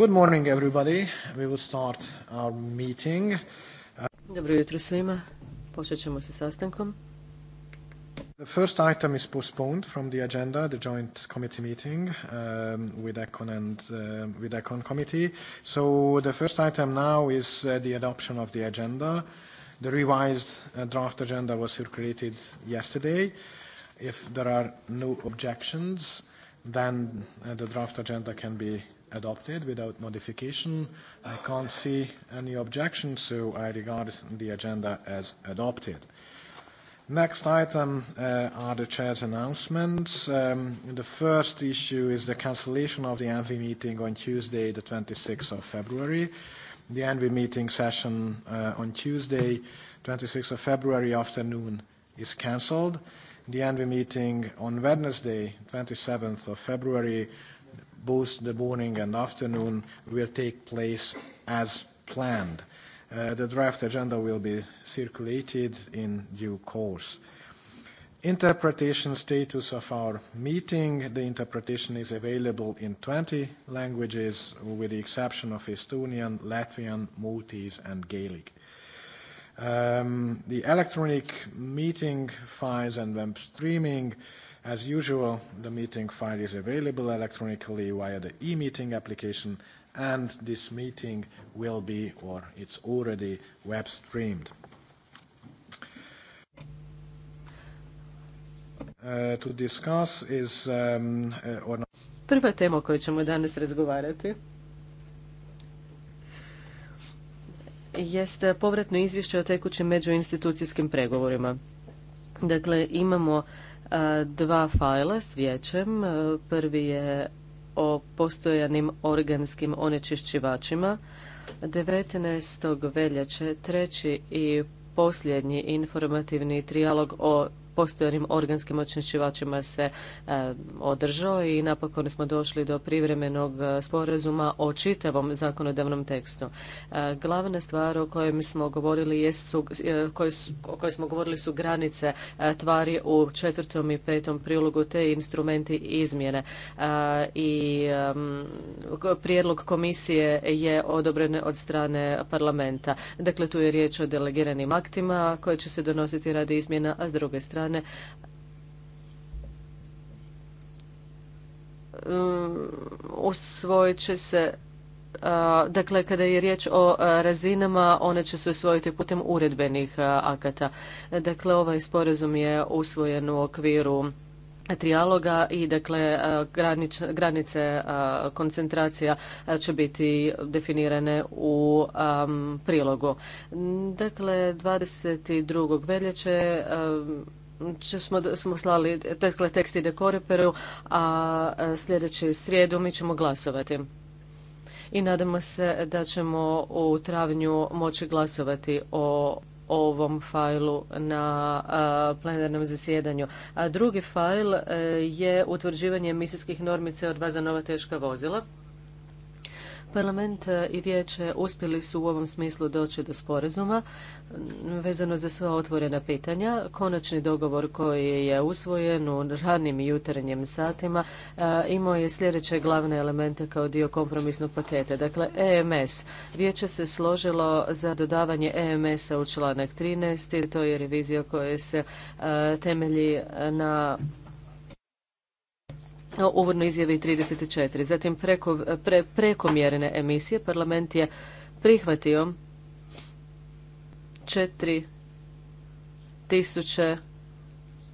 Good morning everybody. We will start our meeting. Dobro jutro svima. Počet ćemo sa sastankom. The first item is postponed from the agenda, the joint committee meeting um, with Econ and um, with Econ committee. So the first item now is uh, the adoption of the agenda. The revised uh, draft agenda was circulated yesterday. If there are no objections, then uh, the draft agenda can be adopted without modification. I can't see any objection, so I regard the agenda as adopted. Next item uh, are the chair's announcements. Um, the first issue is the cancellation of the Envy meeting on Tuesday, the 26th of February. The Envy meeting session uh, on Tuesday, 26th of February afternoon is cancelled. The Envy meeting on Wednesday, 27th of February both the morning and afternoon will take place as planned. Uh, the draft agenda will be circulated in due course. Interpretation status of our meeting. The interpretation is available in 20 languages with the exception of Estonian, Latvian, Maltese and Gaelic. Um, the electronic meeting files and web streaming As usual, the meeting file is available electronically via the e-meeting application, and this meeting will be, or it's already, web streamed. Uh, to um, uh, Prva tema o kojoj ćemo danas razgovarati jeste povratno izvješće o tekućim međuinstitucijskim pregovorima. Dakle, imamo E, dva fajla s vijećem. E, prvi je o postojanim organskim onečišćivačima. 19. veljače treći i posljednji informativni trijalog o postojanim organskim očinšivačima se e, održao i napokon smo došli do privremenog e, sporazuma o čitavom zakonodavnom tekstu. E, glavna stvar o kojem smo govorili jesu, o kojoj smo govorili su granice tvari u četvrtom i petom prilogu te instrumenti izmjene. I prijedlog komisije je odobren od strane parlamenta. Dakle, tu je riječ o delegiranim aktima koje će se donositi radi izmjena, a s druge strane strane mm, će se dakle kada je riječ o razinama one će se usvojiti putem uredbenih akata. Dakle ovaj sporazum je usvojen u okviru trijaloga i dakle granice koncentracija će biti definirane u prilogu. Dakle 22. veljače smo, smo slali tekle tekst ide koreperu, a e, sljedeći srijedu mi ćemo glasovati. I nadamo se da ćemo u travnju moći glasovati o ovom failu na e, plenarnom zasjedanju. A drugi fail e, je utvrđivanje emisijskih normice od za nova teška vozila. Parlament e, i vijeće uspjeli su u ovom smislu doći do sporazuma vezano za sva otvorena pitanja. Konačni dogovor koji je usvojen u ranim i jutarnjim satima e, imao je sljedeće glavne elemente kao dio kompromisnog paketa. Dakle, EMS. Vijeće se složilo za dodavanje EMS-a u članak 13. To je revizija koja se e, temelji na uvodno izjavi 34. Zatim preko, pre, prekomjerne emisije parlament je prihvatio četiri tisuće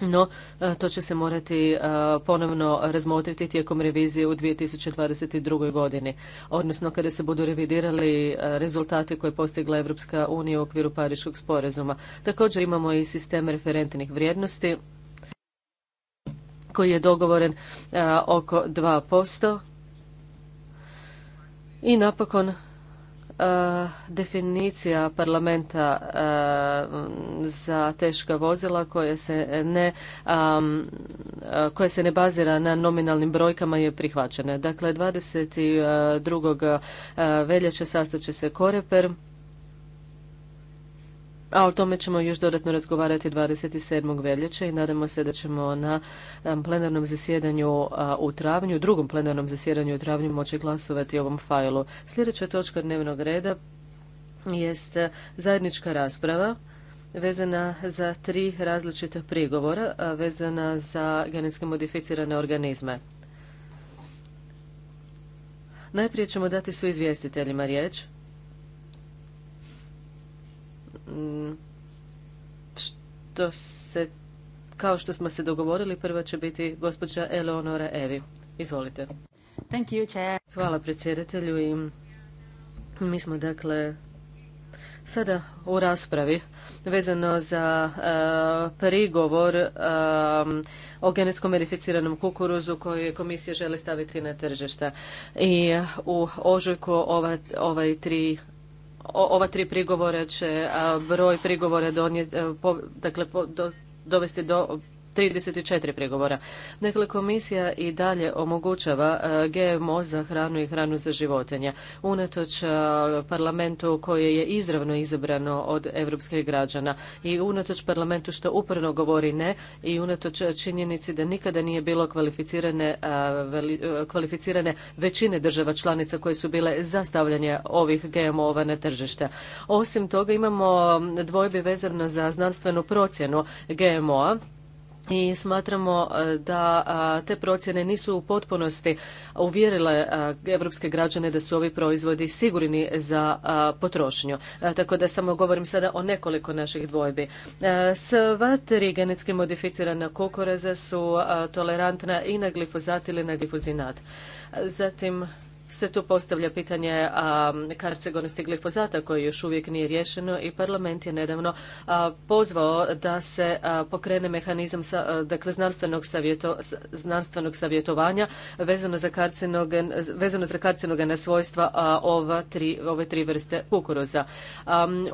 no e, to će se morati e, ponovno razmotriti tijekom revizije u 2022. godini, odnosno kada se budu revidirali e, rezultati koje je postigla Europska unija u okviru Pariškog sporazuma. Također imamo i sistem referentnih vrijednosti koji je dogovoren oko 2%. I napokon Eh, definicija parlamenta eh, za teška vozila koje se ne eh, koje se ne bazira na nominalnim brojkama je prihvaćena. Dakle, 22. veljače sastat se Koreper a o tome ćemo još dodatno razgovarati 27. veljače i nadamo se da ćemo na e, plenarnom zasjedanju u travnju, drugom plenarnom zasjedanju u travnju moći glasovati ovom failu. Sljedeća točka dnevnog reda jest e, zajednička rasprava vezana za tri različita prigovora vezana za genetski modificirane organizme. Najprije ćemo dati su izvjestiteljima riječ. Mm, što se, kao što smo se dogovorili, prva će biti gospođa Eleonora Evi. Izvolite. Thank you, chair. Hvala predsjedatelju i mi smo dakle sada u raspravi vezano za uh, prigovor e, o genetskom modificiranom kukuruzu koji komisija želi staviti na tržišta. I e, u ožujku ova, ovaj tri ova tri prigovora će broj prigovora donijeti, e, dakle, dovesti do 34 pregovora. Dakle, komisija i dalje omogućava e, GMO za hranu i hranu za životinje. Unatoč e, parlamentu koje je izravno izabrano od europskih građana i unatoč parlamentu što uporno govori ne i unatoč činjenici da nikada nije bilo kvalificirane, e, kvalificirane većine država članica koje su bile za stavljanje ovih GMO-ova na tržište. Osim toga imamo dvojbe vezano za znanstvenu procjenu GMO-a i smatramo e, da te procjene nisu u potpunosti uvjerile europske građane da su ovi proizvodi sigurni za potrošnju. E, tako da samo govorim sada o nekoliko naših dvojbi. E, sva tri genetski modificirana kokoreza su tolerantna i na glifozat ili na glifozinat. Zatim se tu postavlja pitanje karcegonosti glifozata koji još uvijek nije riješeno i parlament je nedavno pozvao da se pokrene mehanizam sa, dakle znanstvenog, znanstvenog savjetovanja vezano za karcinogen, vezano karcinogena svojstva ova ove tri vrste kukuruza.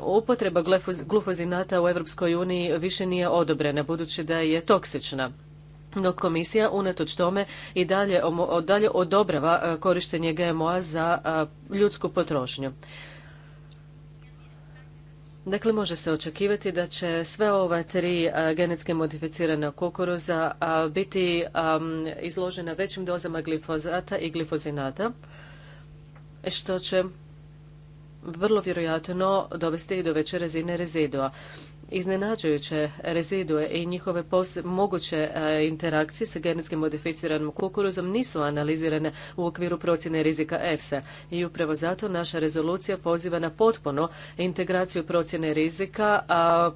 Upotreba glufozinata u Europskoj uniji više nije odobrena budući da je toksična. No komisija unatoč tome i dalje, dalje odobrava e, korištenje GMO-a za e, ljudsku potrošnju. Dakle, može se očekivati da će sve ova tri e, genetske modificirana kukuruza biti izložena većim dozama glifozata i glifozinata, što će vrlo vjerojatno dovesti i do veće razine rezidua iznenađujuće rezidue i njihove moguće e, interakcije sa genetski modificiranim kukuruzom nisu analizirane u okviru procjene rizika EFSA i upravo zato naša rezolucija poziva na potpuno integraciju procjene rizika a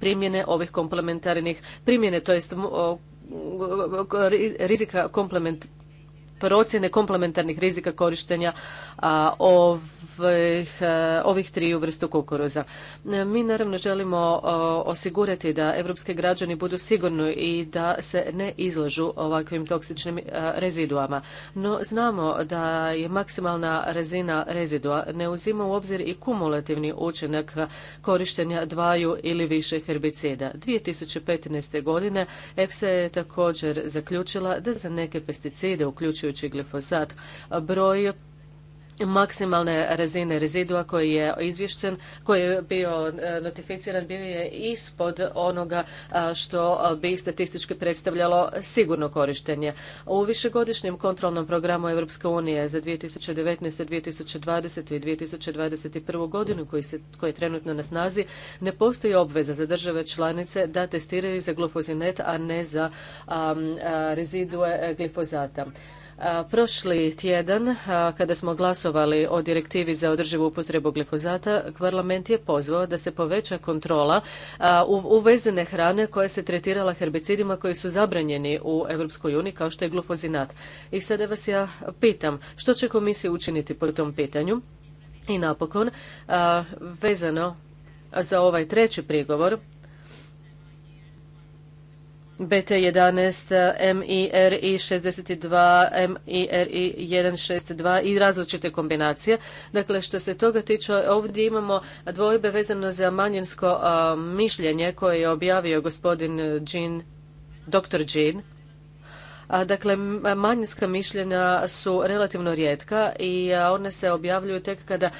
primjene ovih komplementarnih primjene, to jest rizika komplement, procjene komplementarnih rizika korištenja a, ov, E, ovih, triju vrstu kukuruza. E, mi naravno želimo e, osigurati da evropske građani budu sigurni i da se ne izlažu ovakvim toksičnim reziduama. No znamo da je maksimalna razina rezidua ne uzima u obzir i kumulativni učinak korištenja dvaju ili više herbicida. 2015. godine EFSA je također zaključila da za neke pesticide, uključujući glifosat, broj maksimalne razine rezidua koji je izvješten, koji je bio e, notificiran, bio je ispod onoga što bi statistički predstavljalo sigurno korištenje. U višegodišnjem kontrolnom programu Europske unije za 2019. 2020. i 2021. godinu koji, se, koji je trenutno na snazi ne postoji obveza za države članice da testiraju za glufozinet, a ne za rezidue e, glifozata. Prošli tjedan, kada smo glasovali o direktivi za održivu upotrebu glifozata, parlament je pozvao da se poveća kontrola uvezene hrane koja se tretirala herbicidima koji su zabranjeni u Europskoj uniji, kao što je glufozinat. I sada vas ja pitam, što će komisija učiniti po tom pitanju? I napokon, vezano za ovaj treći prigovor, BT11, MIRI 62, MIRI 162 i različite kombinacije. Dakle, što se toga tiče, ovdje imamo dvojbe vezano za manjinsko mišljenje koje je objavio gospodin Jean, dr. Jean. dakle, manjinska mišljenja su relativno rijetka i one se objavljuju tek kada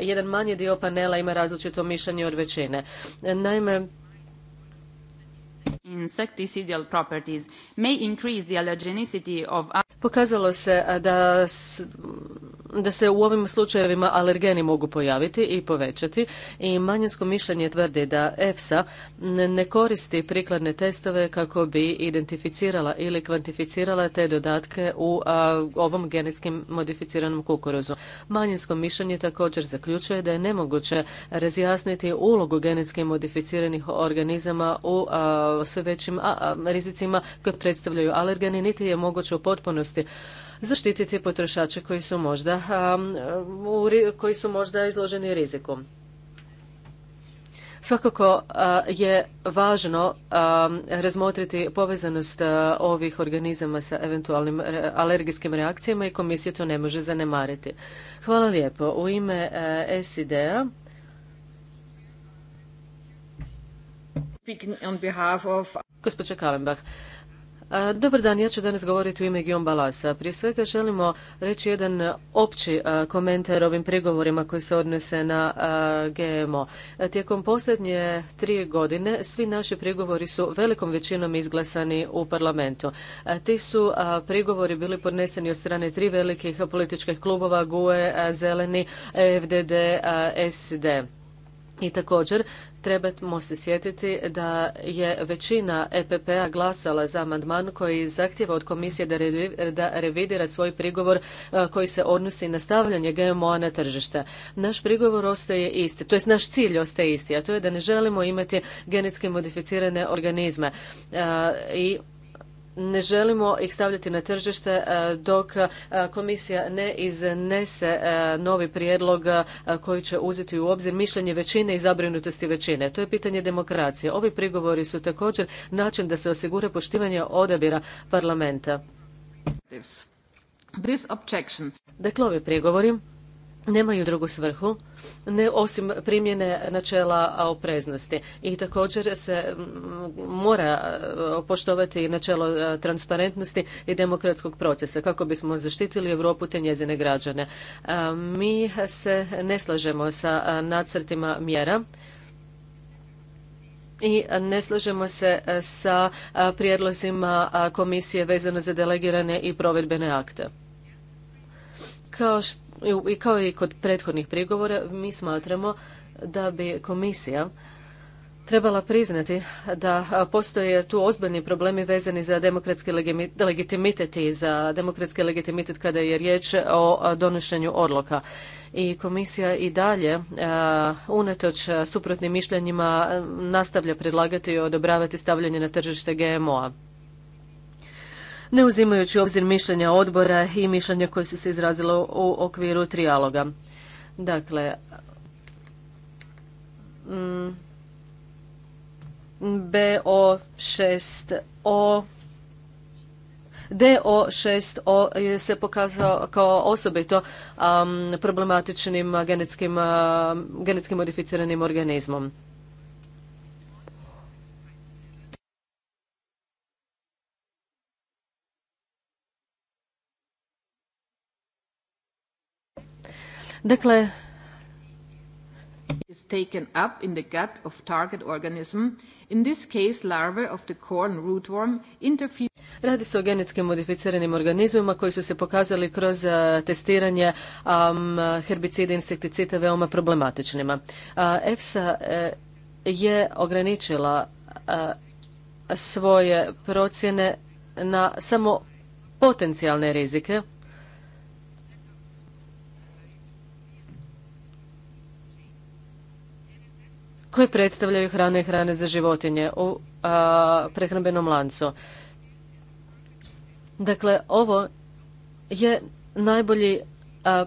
jedan manji dio panela ima različito mišljenje od većine. Naime, insecticidal properties may increase the allergenicity of Pokazalo se da da se u ovim slučajevima alergeni mogu pojaviti i povećati i manjinsko mišljenje tvrdi da EFSA ne koristi prikladne testove kako bi identificirala ili kvantificirala te dodatke u ovom genetskim modificiranom kukuruzu. Manjinsko mišljenje također zaključuje da je nemoguće razjasniti ulogu genetski modificiranih organizama u sve većim rizicima koje predstavljaju alergeni, niti je moguće u potpunosti zaštititi potrošače koji su možda, koji su možda izloženi riziku. Svakako je važno razmotriti povezanost ovih organizama sa eventualnim alergijskim reakcijama i komisija to ne može zanemariti. Hvala lijepo. U ime e, SID-a Gospodin Kalenbach. Dobar dan, ja ću danas govoriti u ime Gion Balasa. Prije svega želimo reći jedan opći komentar ovim prigovorima koji se odnese na GMO. Tijekom posljednje tri godine svi naši prigovori su velikom većinom izglasani u parlamentu. Ti su prigovori bili podneseni od strane tri velikih političkih klubova GUE, Zeleni, e FDD, SD. I također Trebamo se sjetiti da je većina EPP-a glasala za amandman koji zahtjeva od komisije da revidira svoj prigovor e, koji se odnosi na stavljanje GMO-a na tržište. Naš prigovor ostaje isti, to jest naš cilj ostaje isti, a to je da ne želimo imati genetski modificirane organizme e, i ne želimo ih stavljati na tržište e, dok e, komisija ne iznese e, novi prijedlog koji će uzeti u obzir mišljenje većine i zabrinutosti većine. To je pitanje demokracije. Ovi prigovori su također način da se osigura poštivanje odabira parlamenta. Dakle, ovi prigovori nemaju drugu svrhu ne osim primjene načela opreznosti i također se mora e, poštovati načelo e, transparentnosti i demokratskog procesa kako bismo zaštitili Europu te njezine građane. E, mi se ne slažemo sa nacrtima mjera i ne slažemo se sa prijedlozima komisije vezano za delegirane i provedbene akte. Kao što i kao i kod prethodnih prigovora, mi smatramo da bi komisija trebala priznati da postoje tu ozbiljni problemi vezani za demokratski legitimitet i za demokratski legitimitet kada je riječ o donošenju odluka. I komisija i dalje, unatoč suprotnim mišljenjima, nastavlja predlagati i odobravati stavljanje na tržište GMO-a ne uzimajući obzir mišljenja odbora i mišljenja koje su se izrazilo u okviru trijaloga. Dakle, mm, BO6O DO6O se pokazao kao osobito problematičnim genetskim, genetski modificiranim organizmom. Dakle, is taken up in the gut of target organism, in this case larvae of the corn rootworm interfere. Radi se o genetski modificiranim organizmima koji su se pokazali kroz testiranje herbicida i insekticida veoma problematičnima. EFSA e, je ograničila svoje procjene na samo potencijalne rizike koje predstavljaju hrane i hrane za životinje u a, prehrambenom lancu. Dakle, ovo je najbolji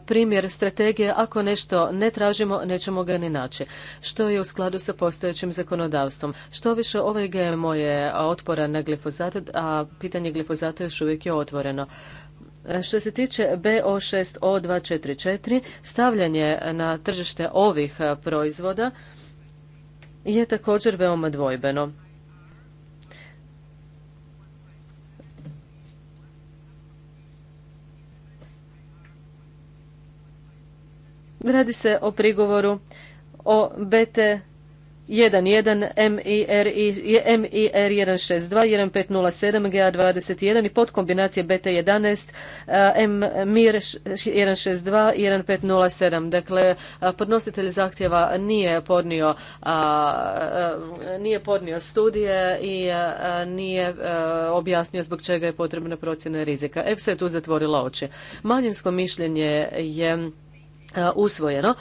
primjer strategije. Ako nešto ne tražimo, nećemo ga ni naći. Što je u skladu sa postojećim zakonodavstvom? Što više, ovaj GMO je otporan na glifozat, a pitanje glifozata još uvijek je otvoreno. Što se tiče BO6O244, stavljanje na tržište ovih proizvoda je također veoma dvojbeno. Radi se o prigovoru o BT 1.1, MIR162, 1507, GA21 i podkombinacije BT11, MIR162 1507. Dakle, podnositelj zahtjeva nije podnio, nije podnio studije i nije objasnio zbog čega je potrebna procjena rizika. EPSA je tu zatvorila oči. Manjinsko mišljenje je usvojeno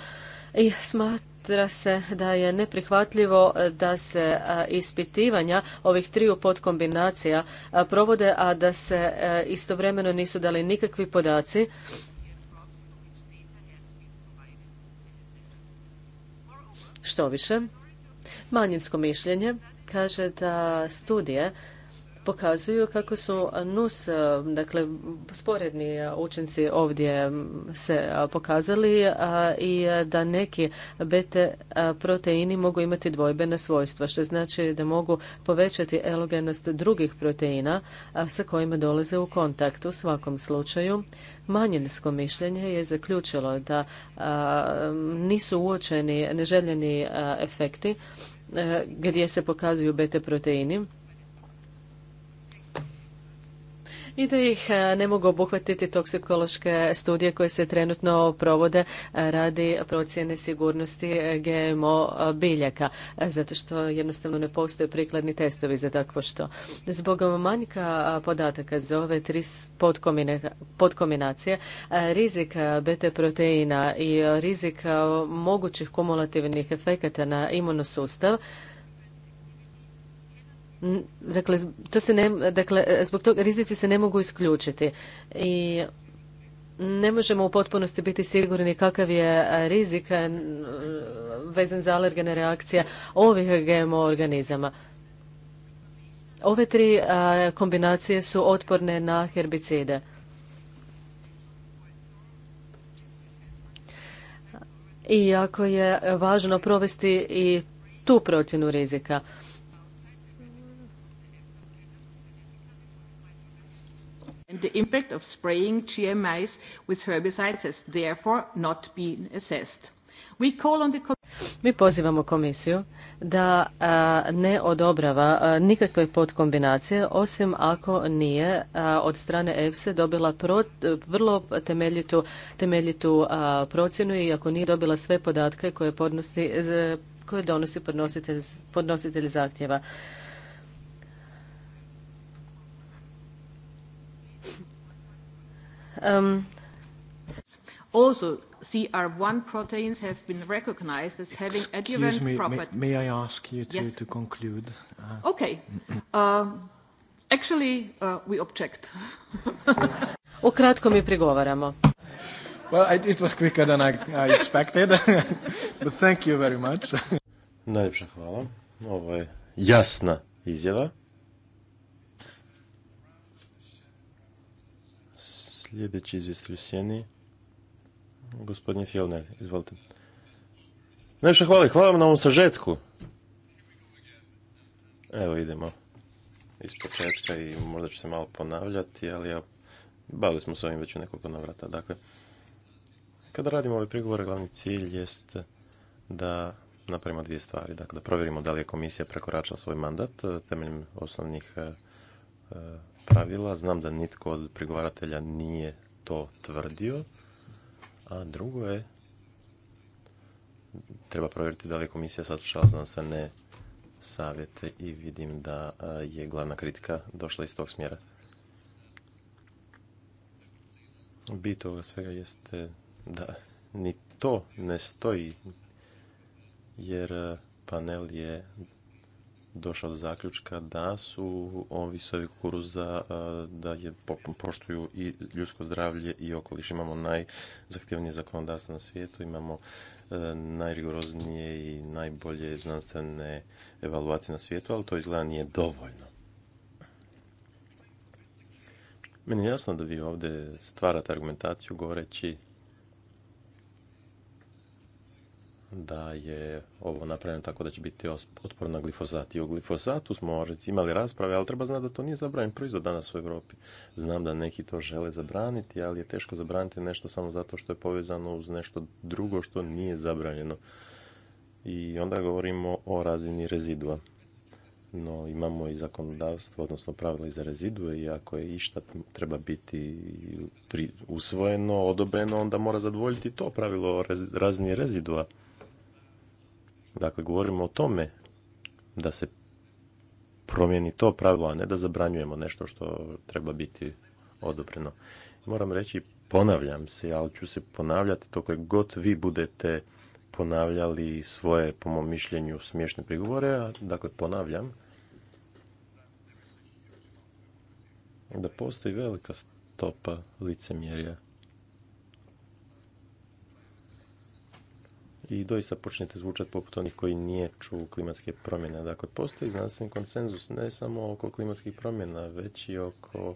i smatra smatra se da je neprihvatljivo da se e, ispitivanja ovih triju podkombinacija e, provode, a da se e, istovremeno nisu dali nikakvi podaci Što više, manjinsko mišljenje kaže da studije pokazuju kako su NUS, e, dakle sporedni e, učinci ovdje se e, pokazali i da neki beta proteini mogu imati dvojbena svojstva, što znači da mogu povećati elogenost drugih proteina sa kojima dolaze u kontakt. U svakom slučaju, manjinsko mišljenje je zaključilo da nisu uočeni neželjeni efekti gdje se pokazuju beta proteini i da ih e, ne mogu obuhvatiti toksikološke studije koje se trenutno provode e, radi procjene sigurnosti e, GMO biljaka, zato što jednostavno ne postoje prikladni testovi za takvo što. Zbog manjka podataka za ove tri podkombinacije, rizik BT proteina i rizik mogućih kumulativnih efekata na imunosustav Dakle, to se ne, dakle, zbog toga rizici se ne mogu isključiti. I ne možemo u potpunosti biti sigurni kakav je e, rizik e, vezan za alergene reakcije ovih GMO organizama. Ove tri e, kombinacije su otporne na herbicide. I jako je važno provesti i tu procjenu rizika. The impact of spraying GMIs with herbicides has therefore not been assessed. We call on the... Mi pozivamo komisiju da a, ne odobrava a, nikakve podkombinacije osim ako nije a, od strane EFSE dobila pro, vrlo temeljitu, temeljitu procjenu i ako nije dobila sve podatke koje, podnosi, koje donosi podnositelj, podnositelj zahtjeva. Um, also, CR1 proteins have been recognized as having Excuse me, property. May, may I ask you to, yes. to conclude? Uh, okay. Uh, actually, uh, we object. Ukratko mi prigovaramo. Well, I, it was quicker than I, I expected, but thank you very much. Najljepša hvala. Ovo je jasna izjava. Sljedeći izvjestitelj sjeni, gospodin Fjellner, izvolite. Najviše hvala, hvala vam na ovom sažetku. Evo idemo iz početka i možda ću se malo ponavljati, ali ja, bavili smo se ovim već u nekoliko navrata. Dakle, kada radimo ove prigovore, glavni cilj jest da napravimo dvije stvari. Dakle, da provjerimo da li je komisija prekoračila svoj mandat eh, temeljem osnovnih eh, E, pravila. Znam da nitko od prigovaratelja nije to tvrdio. A drugo je, treba provjeriti da li je komisija saslušala ne savjete i vidim da e, je glavna kritika došla iz tog smjera. Bit ovoga svega jeste da ni to ne stoji, jer e, panel je došao do zaključka da su ovi sovi kukuruza da je poštuju i ljudsko zdravlje i okoliš. Imamo najzahtjevnije zakonodavstvo na svijetu, imamo e, najrigoroznije i najbolje znanstvene evaluacije na svijetu, ali to izgleda nije dovoljno. Meni je jasno da vi ovdje stvarate argumentaciju govoreći da je ovo napravljeno tako da će biti otporno na glifosat. I o glifosatu smo imali rasprave, ali treba znati da to nije zabranjen proizvod danas u Europi. Znam da neki to žele zabraniti, ali je teško zabraniti nešto samo zato što je povezano uz nešto drugo što nije zabranjeno. I onda govorimo o razini rezidua. No, imamo i zakonodavstvo, odnosno pravila i za rezidue i ako je išta treba biti usvojeno, odobreno, onda mora zadovoljiti to pravilo razni rezidua. Dakle, govorimo o tome da se promijeni to pravilo, a ne da zabranjujemo nešto što treba biti odobreno. Moram reći, ponavljam se, ali ću se ponavljati dokle god vi budete ponavljali svoje, po mom mišljenju, smiješne prigovore, a dakle ponavljam da postoji velika stopa licemjerja i doista počnete zvučati poput onih koji nije ču klimatske promjene. Dakle, postoji znanstveni konsenzus ne samo oko klimatskih promjena, već i oko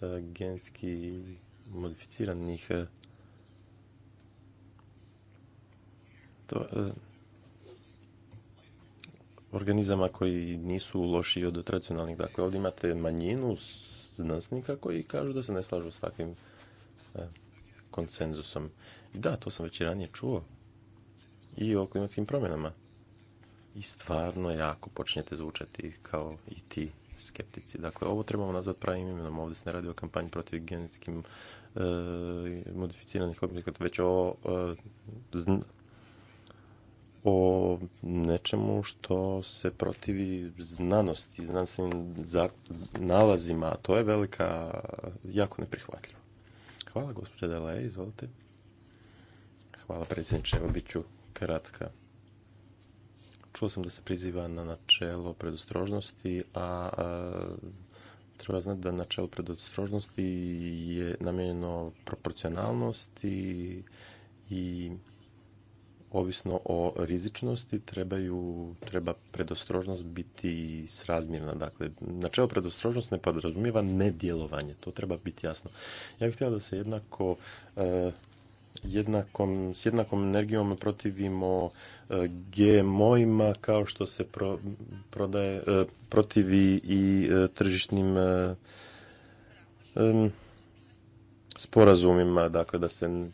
e, genski modificiranih e, e, organizama koji nisu lošiji od tradicionalnih. Dakle, ovdje imate manjinu znanstvenika koji kažu da se ne slažu s takvim konsenzusom. I da, to sam već i ranije čuo i o klimatskim promjenama. I stvarno jako počnete zvučati kao i ti skeptici. Dakle, ovo trebamo nazvati pravim imenom. Ovdje se ne radi o kampanji protiv genetskim e, modificiranih objekata, već e, o, nečemu što se protivi znanosti, znanstvenim nalazima. to je velika, jako neprihvatljivo. Hvala, gospođa Dele, izvolite. Hvala, predsjedniče. Evo, bit ću kratka. Čuo sam da se priziva na načelo predostrožnosti, a, treba znati da načelo predostrožnosti je namijenjeno proporcionalnosti i ovisno o rizičnosti treba predostrožnost biti srazmjerna. Dakle, načelo predostrožnosti ne podrazumijeva nedjelovanje, to treba biti jasno. Ja bih htjela da se jednako e, jednakom, s jednakom energijom protivimo e, GMO-ima kao što se prodaje, e, protivi i e, tržišnim sporazumima, dakle da se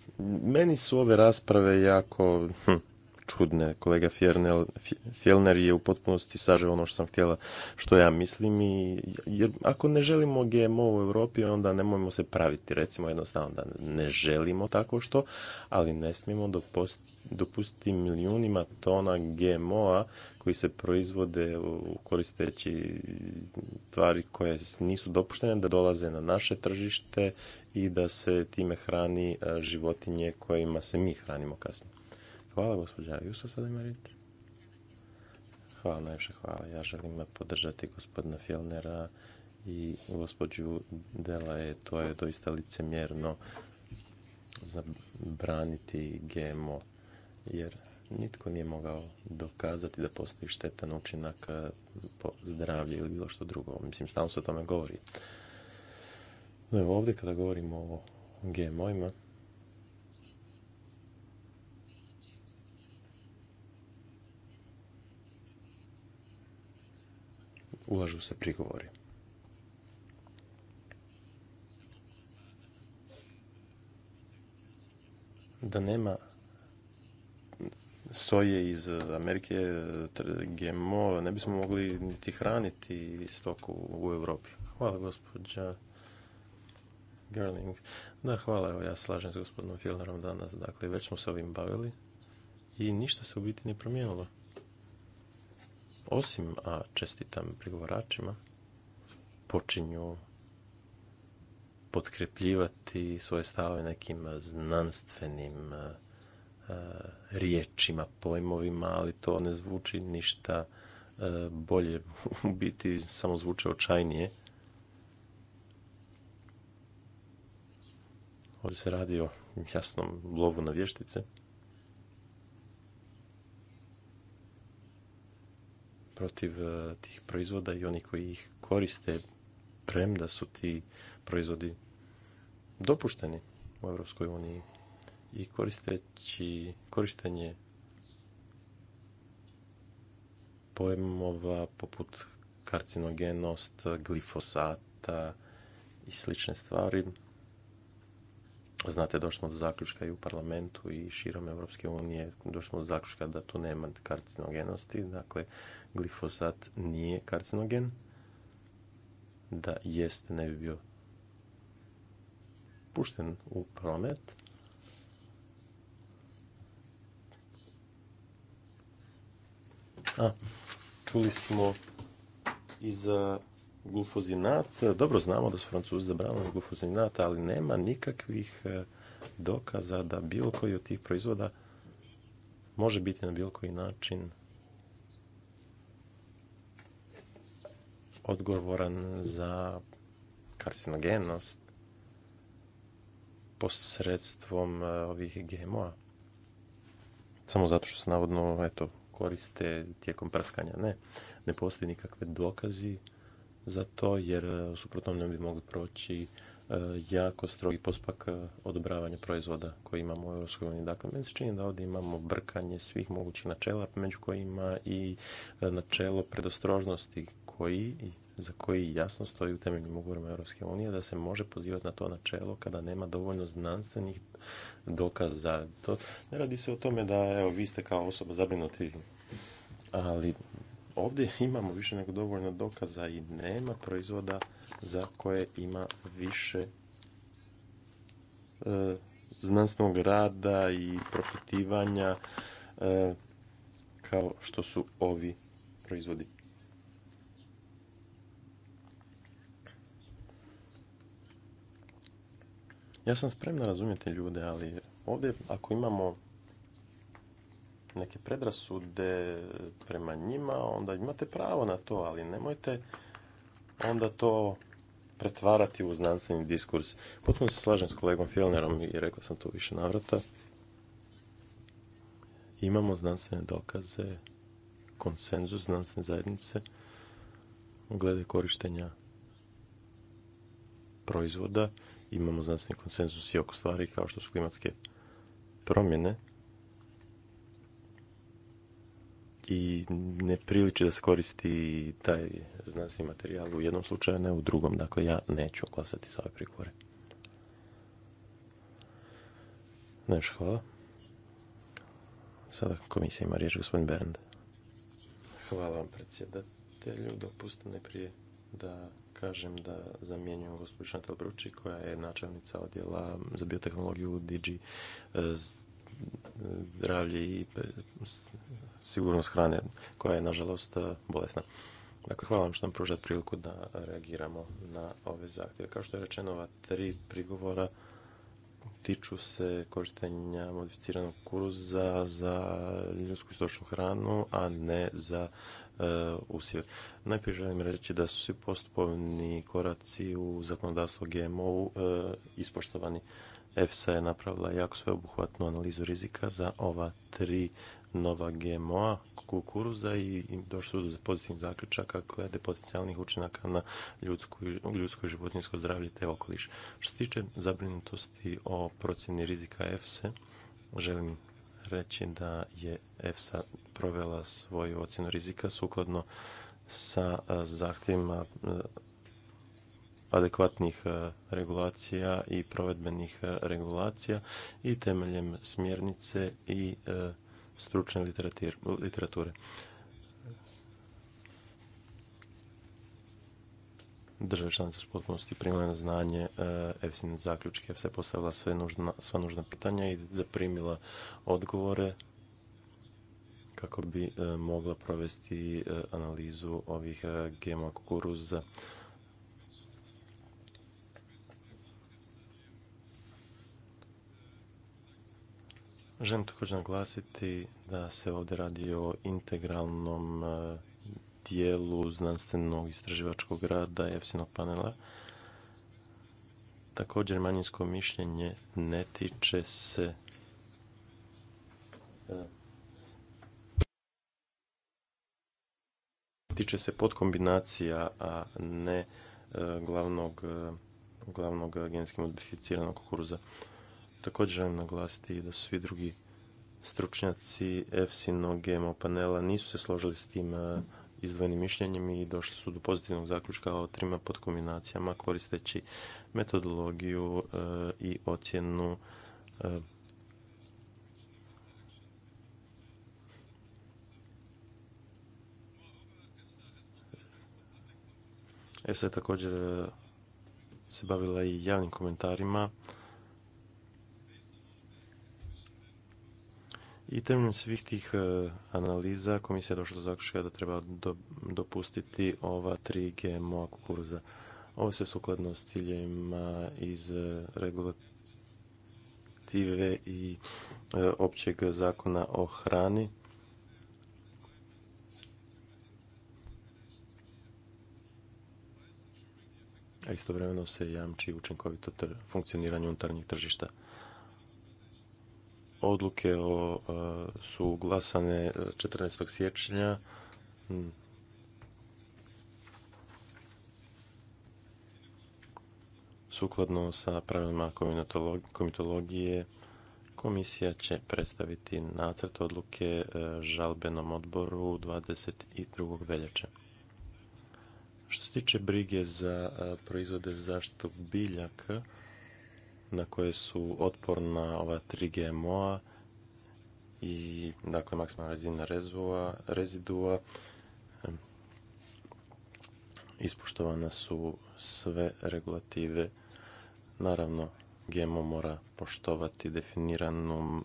meni su ove rasprave jako hm, čudne. Kolega Fjernel, Fjellner je u potpunosti sažeo ono što sam htjela, što ja mislim. I, jer ako ne želimo GMO u Europi, onda nemojmo se praviti, recimo jednostavno da ne želimo tako što, ali ne smijemo dopustiti milijunima tona GMO-a koji se proizvode koristeći tvari koje nisu dopuštene da dolaze na naše tržište i da se time hrani e, životinje kojima se mi hranimo kasnije. Hvala, gospođa Juso sada ima riječ. Hvala, najviše hvala. Ja želim podržati gospodina Fjellnera i gospođu je To je doista licemjerno zabraniti GMO, jer nitko nije mogao dokazati da postoji štetan učinak e, po zdravlje ili bilo što drugo. Mislim, stalno se o tome govori. No, evo ovdje kada govorimo o GMO-ima, ulažu se prigovori. Da nema soje iz Amerike, GMO, ne bismo mogli niti hraniti stoku u Europi. Hvala gospođa Gerling. Da, hvala, evo ja slažem s gospodinom Filnerom danas, dakle već smo se ovim bavili i ništa se u biti ne promijenilo osim, a čestitam pregovaračima počinju potkrepljivati svoje stave nekim znanstvenim riječima, pojmovima, ali to ne zvuči ništa bolje. U biti samo zvuče očajnije. Ovdje se radi o jasnom lovu na vještice. protiv e, tih proizvoda i oni koji ih koriste premda su ti proizvodi dopušteni u Europskoj uniji i koristeći korištenje pojmova poput karcinogenost, glifosata i slične stvari. Znate, došli smo do zaključka i u parlamentu i širom Europske unije, došli smo do zaključka da tu nema karcinogenosti, dakle, glifosat nije karcinogen? Da jest, ne bi bio pušten u promet. A, čuli smo i za glufozinat. Dobro znamo da su Francuzi zabranili glufozinat, ali nema nikakvih e, dokaza da bilo koji od tih proizvoda može biti na bilo koji način odgovoran za karcinogenost posredstvom e, ovih GMO-a. Samo zato što se navodno eto, koriste tijekom prskanja. Ne, ne postoji nikakve dokazi za to jer e, suprotno ne bi mogli proći E, jako strogi postupak e, odobravanja proizvoda koji imamo u EU. Dakle, meni se čini da ovdje imamo brkanje svih mogućih načela, među kojima i e, načelo predostrožnosti koji za koji jasno stoji u temeljnim ugovorima Europske unije da se može pozivati na to načelo kada nema dovoljno znanstvenih dokaza. To ne radi se o tome da evo, vi ste kao osoba zabrinuti, ali ovdje imamo više nego dovoljno dokaza i nema proizvoda za koje ima više e, znanstvenog rada i propitivanja e, kao što su ovi proizvodi. Ja sam spremna razumjeti ljude, ali ovdje ako imamo neke predrasude prema njima, onda imate pravo na to, ali nemojte onda to pretvarati u znanstveni diskurs. Potpuno se slažem s kolegom Fjelnerom, i rekla sam to više navrata. Imamo znanstvene dokaze, konsenzus znanstvene zajednice glede korištenja proizvoda. Imamo znanstveni konsenzus i oko stvari kao što su klimatske promjene. i ne priliči da se koristi taj znanstveni materijal u jednom slučaju, ne u drugom. Dakle, ja neću glasati za ove prigovore. Neš, hvala. Sada komisija ima riječ, gospodin Berend. Hvala vam, predsjedatelju. Dopustite najprije da kažem da zamjenjujem gospođu Šantel Bruči, koja je načelnica odjela za biotehnologiju DG zdravlje i e, sigurnost hrane koja je nažalost e, bolesna. Dakle, hvala vam što nam pružate priliku da reagiramo na ove zahtjeve. Kao što je rečeno, ova tri prigovora tiču se korištenja modificiranog kuruza za ljudsku istočnu hranu, a ne za e, usjeve. Najprije želim reći da su svi postupovni koraci u zakonodavstvu GMO e, ispoštovani. EFSA je napravila jako sveobuhvatnu analizu rizika za ova tri nova GMO-a kukuruza i došli do pozitivnih zaključaka glede potencijalnih učinaka na ljudsko, ljudsko i životinjsko zdravlje te okoliš. Što se tiče zabrinutosti o procjeni rizika EFSA, želim reći da je EFSA provela svoju ocjenu rizika sukladno sa zahtjevima adekvatnih e, regulacija i provedbenih e, regulacija i temeljem smjernice i e, stručne literature. Države članice su potpunosti primile na znanje EFSIN zaključke. EFSA je postavila sva nužna pitanja i zaprimila odgovore kako bi mogla provesti analizu ovih GMO kukuruza. Želim također naglasiti da se ovdje radi o integralnom e, dijelu znanstvenog istraživačkog rada EFSINog panela. Također manjinsko mišljenje ne tiče se e, tiče se podkombinacija, a ne e, glavnog, glavnog genetski modificiranog kukuruza. Također želim naglasiti da su svi drugi stručnjaci EFSI-no GMO panela nisu se složili s tim eh, izdvojenim mišljenjem i došli su do pozitivnog zaključka o trima podkombinacijama koristeći metodologiju eh, i ocjenu ESA eh, e, je također se bavila i javnim komentarima I temeljem svih tih e, analiza komisija je došla do zaključka da treba dopustiti ova tri GMO kukuruza. Ovo se sukladno s ciljevima iz e, regulative i e, općeg zakona o hrani. A istovremeno se jamči učinkovito funkcioniranje unutarnjih tržišta odluke e, su glasane 14. E, siječnja. Hmm. Sukladno sa pravilima komitologije, komisija će predstaviti nacrt odluke e, žalbenom odboru 22. veljače. Što se tiče brige za proizvode zaštitu biljaka, na koje su otporna ova 3 gmo i dakle maksimalna razina rezidua. Ispuštovane su sve regulative. Naravno, GMO mora poštovati definiranu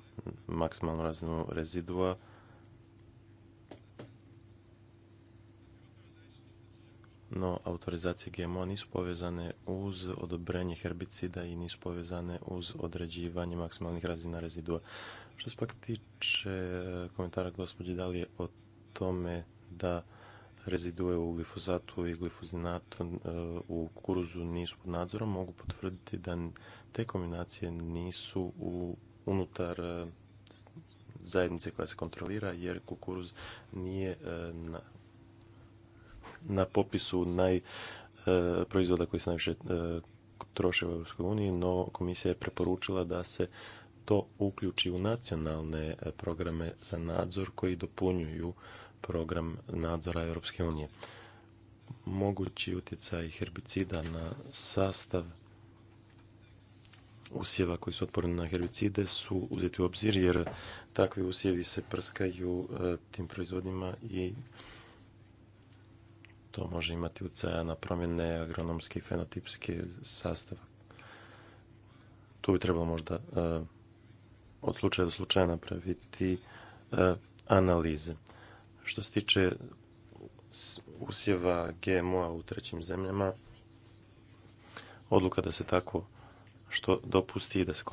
maksimalnu razinu rezidua no autorizacije GMO nisu povezane uz odobrenje herbicida i nisu povezane uz određivanje maksimalnih razina rezidua. Što se pak tiče e, komentara gospođe Dalije o tome da rezidue u glifozatu i glifozinatu e, u kuruzu nisu pod nadzorom, mogu potvrditi da te kombinacije nisu u, unutar e, zajednice koja se kontrolira jer kukuruz nije na popisu naj e, proizvoda koji se najviše e, troše u EU, no komisija je preporučila da se to uključi u nacionalne e, programe za nadzor koji dopunjuju program nadzora Europske unije. Mogući utjecaj herbicida na sastav usjeva koji su otporni na herbicide su uzeti u obzir jer takvi usjevi se prskaju tim proizvodima i to može imati utjecaja na promjene agronomske i fenotipske sastava. Tu bi trebalo možda e, od slučaja do slučaja napraviti e, analize. Što se tiče usjeva GMO-a u trećim zemljama, odluka da se tako što dopusti da se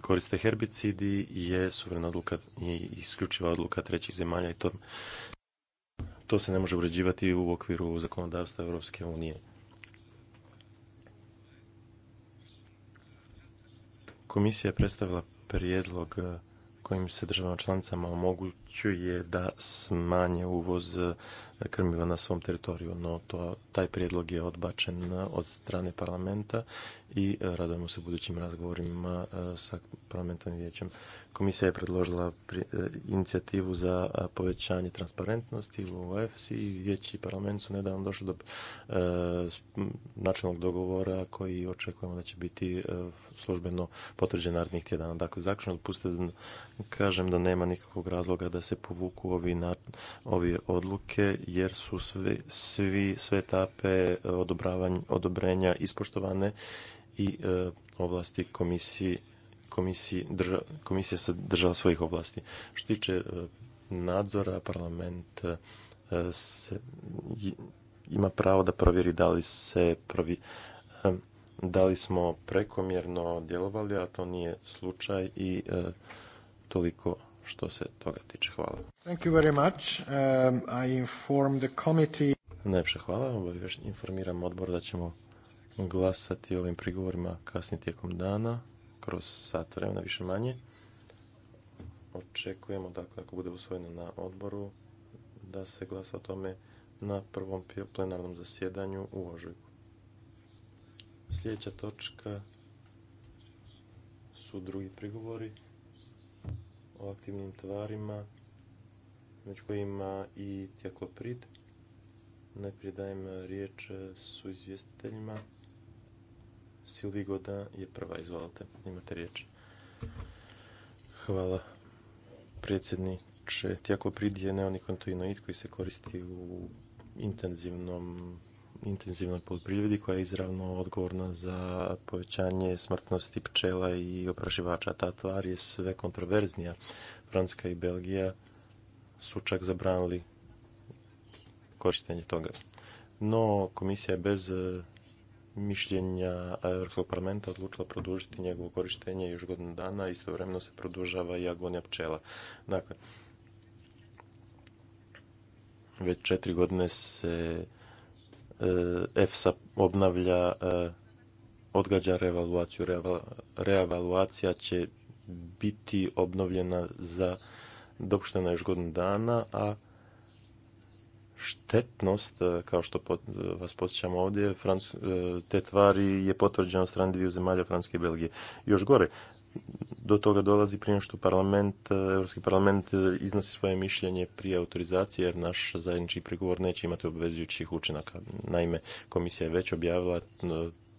koriste herbicidi je suverena odluka i isključiva odluka trećih zemalja i to to se ne može uređivati u okviru zakonodavstva Europske unije. Komisija je predstavila prijedlog kojim se državama članicama omogućuje da smanje uvoz krmiva na svom teritoriju, no to, taj prijedlog je odbačen od strane parlamenta i eh, radujemo se budućim razgovorima eh, sa parlamentom vijećem. Komisija je predložila e, inicijativu za e, povećanje transparentnosti u OFC i vijeći parlament su nedavno došli do e, načelnog dogovora koji očekujemo da će biti službeno potvrđen narednih tjedana. Dakle, zaključno dopustite da kažem da nema nikakvog razloga da se povuku ovi odluke jer su svi, sve etape odobrenja ispoštovane i ovlasti komisiji komisija se država svojih ovlasti. Što tiče e, nadzora, parlament e, se, ima pravo da provjeri da li se provi, e, da li smo prekomjerno djelovali, a to nije slučaj i toliko što se toga tiče. Hvala. Thank you very um, hvala. Informiram odbor da ćemo glasati o ovim prigovorima kasnije tijekom dana kroz sat vremena, više manje. Očekujemo, dakle, ako bude usvojeno na odboru, da se glasa o tome na prvom plenarnom zasjedanju u ožujku. Sljedeća točka su drugi prigovori o aktivnim tvarima, među kojima i tjakloprid. Najprije dajem riječ e, su izvjestiteljima. Silvi Goda je prva, izvolite, imate riječ. Hvala predsjedniče. prid je neonikotinoid koji se koristi u intenzivnom intenzivnoj poljoprivredi koja je izravno odgovorna za povećanje smrtnosti pčela i oprašivača. Ta tvar je sve kontroverznija. Francuska i Belgija su čak zabranili korištenje toga. No, komisija je bez mišljenja Europskog parlamenta odlučila produžiti njegovo korištenje još godinu dana i istovremeno se produžava i agonija pčela. Dakle, već četiri godine se e, EFSA obnavlja, e, odgađa revaluaciju. Reavaluacija će biti obnovljena za dopuštena još godinu dana, a štetnost, e, kao što vas posjećamo ovdje, e, te tvari je potvrđeno od strane dviju zemalja Francuske i Belgije. Još gore, do toga dolazi prije što parlament, e, Europski parlament iznosi svoje mišljenje prije autorizacije jer naš zajednički prigovor neće imati obvezujućih učinaka. Naime, komisija je već objavila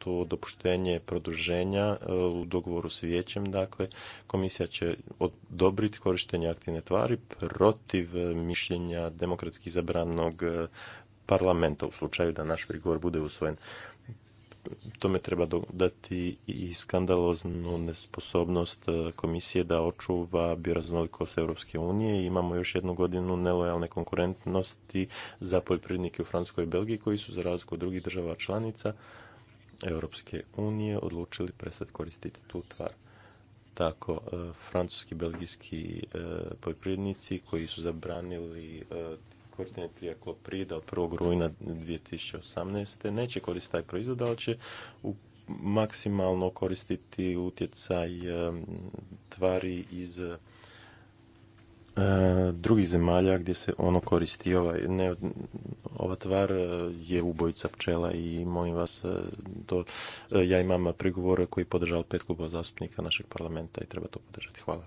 to dopuštenje produženja e, u dogovoru s vijećem. Dakle, komisija će odobriti korištenje aktivne tvari protiv e, mišljenja demokratski zabranog e, parlamenta u slučaju da naš prigovor bude usvojen. Tome treba dodati i skandaloznu nesposobnost komisije da očuva bioraznolikost Europske unije. Imamo još jednu godinu nelojalne konkurentnosti za poljoprivrednike u Francuskoj i Belgiji koji su za razliku od drugih država članica Europske unije odlučili prestati koristiti tu tvar. Tako, e, francuski, belgijski e, poljoprivrednici koji su zabranili e, korištenje prida od 1. rujna 2018. neće koristiti taj proizvod, ali će u maksimalno koristiti utjecaj tvari iz E, drugih zemalja gdje se ono koristi. Ova, ne, ova tvar e, je ubojica pčela i molim vas, e, do, ja imam prigovor koji je podržao pet kluba zastupnika našeg parlamenta i treba to podržati. Hvala.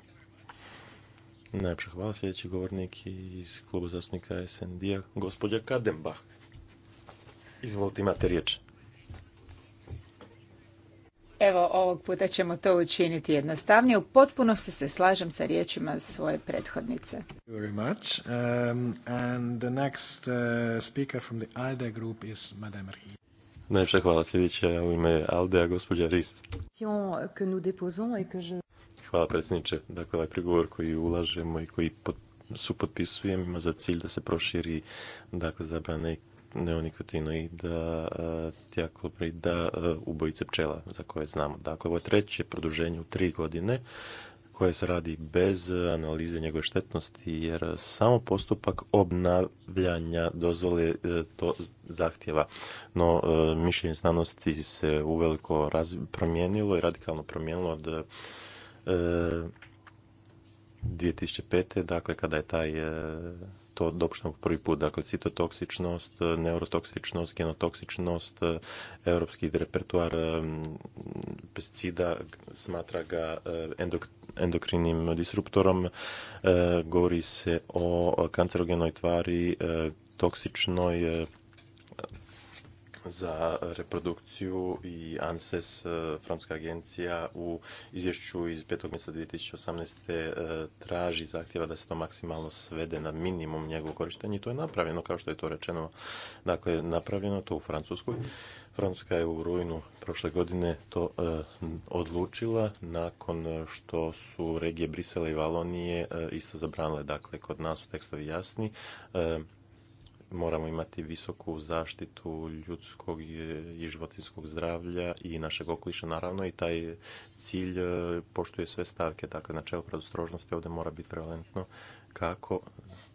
Najprej hvala sljedeći govornik iz kluba zastupnika SND-a, gospođa Kadenbach. Izvolite, imate riječ. Evo, ovog puta ćemo to učiniti jednostavnije. U potpunosti se slažem sa riječima svoje prethodnice. Najpša hvala. Sljedeća u ime Aldea, gospođa Rist. Hvala predsjedniče. Dakle, ovaj prigovor koji ulažemo i koji su supotpisujem ima za cilj da se proširi dakle, zabrane neonikotinoida, da e, e, ubojice pčela za koje znamo. Dakle, ovo je treće produženje u tri godine koje se radi bez analize njegove štetnosti jer samo postupak obnavljanja dozvole e, to zahtjeva. No, mišljenje znanosti se uveliko promijenilo i radikalno promijenilo od 2005. dakle kada je taj to dopušteno prvi put. Dakle, citotoksičnost, neurotoksičnost, genotoksičnost, e, europski repertuar e, pesticida smatra ga e, endokrinim disruptorom. Govori se o kancerogenoj tvari, toksičnoj za reprodukciju i ANSES, e, francuska agencija, u izvješću iz 5. mjeseca 2018. E, traži zahtjeva da se to maksimalno svede na minimum njegovog korištenja. i to je napravljeno, kao što je to rečeno. Dakle, napravljeno to u Francuskoj. Francuska je u rujnu prošle godine to e, odlučila nakon što su regije Brisela i Valonije isto zabranile. Dakle, kod nas su tekstovi jasni moramo imati visoku zaštitu ljudskog i životinskog zdravlja i našeg okoliša naravno i taj cilj e, poštuje sve stavke, dakle načelo predostrožnosti ovdje mora biti prevalentno kako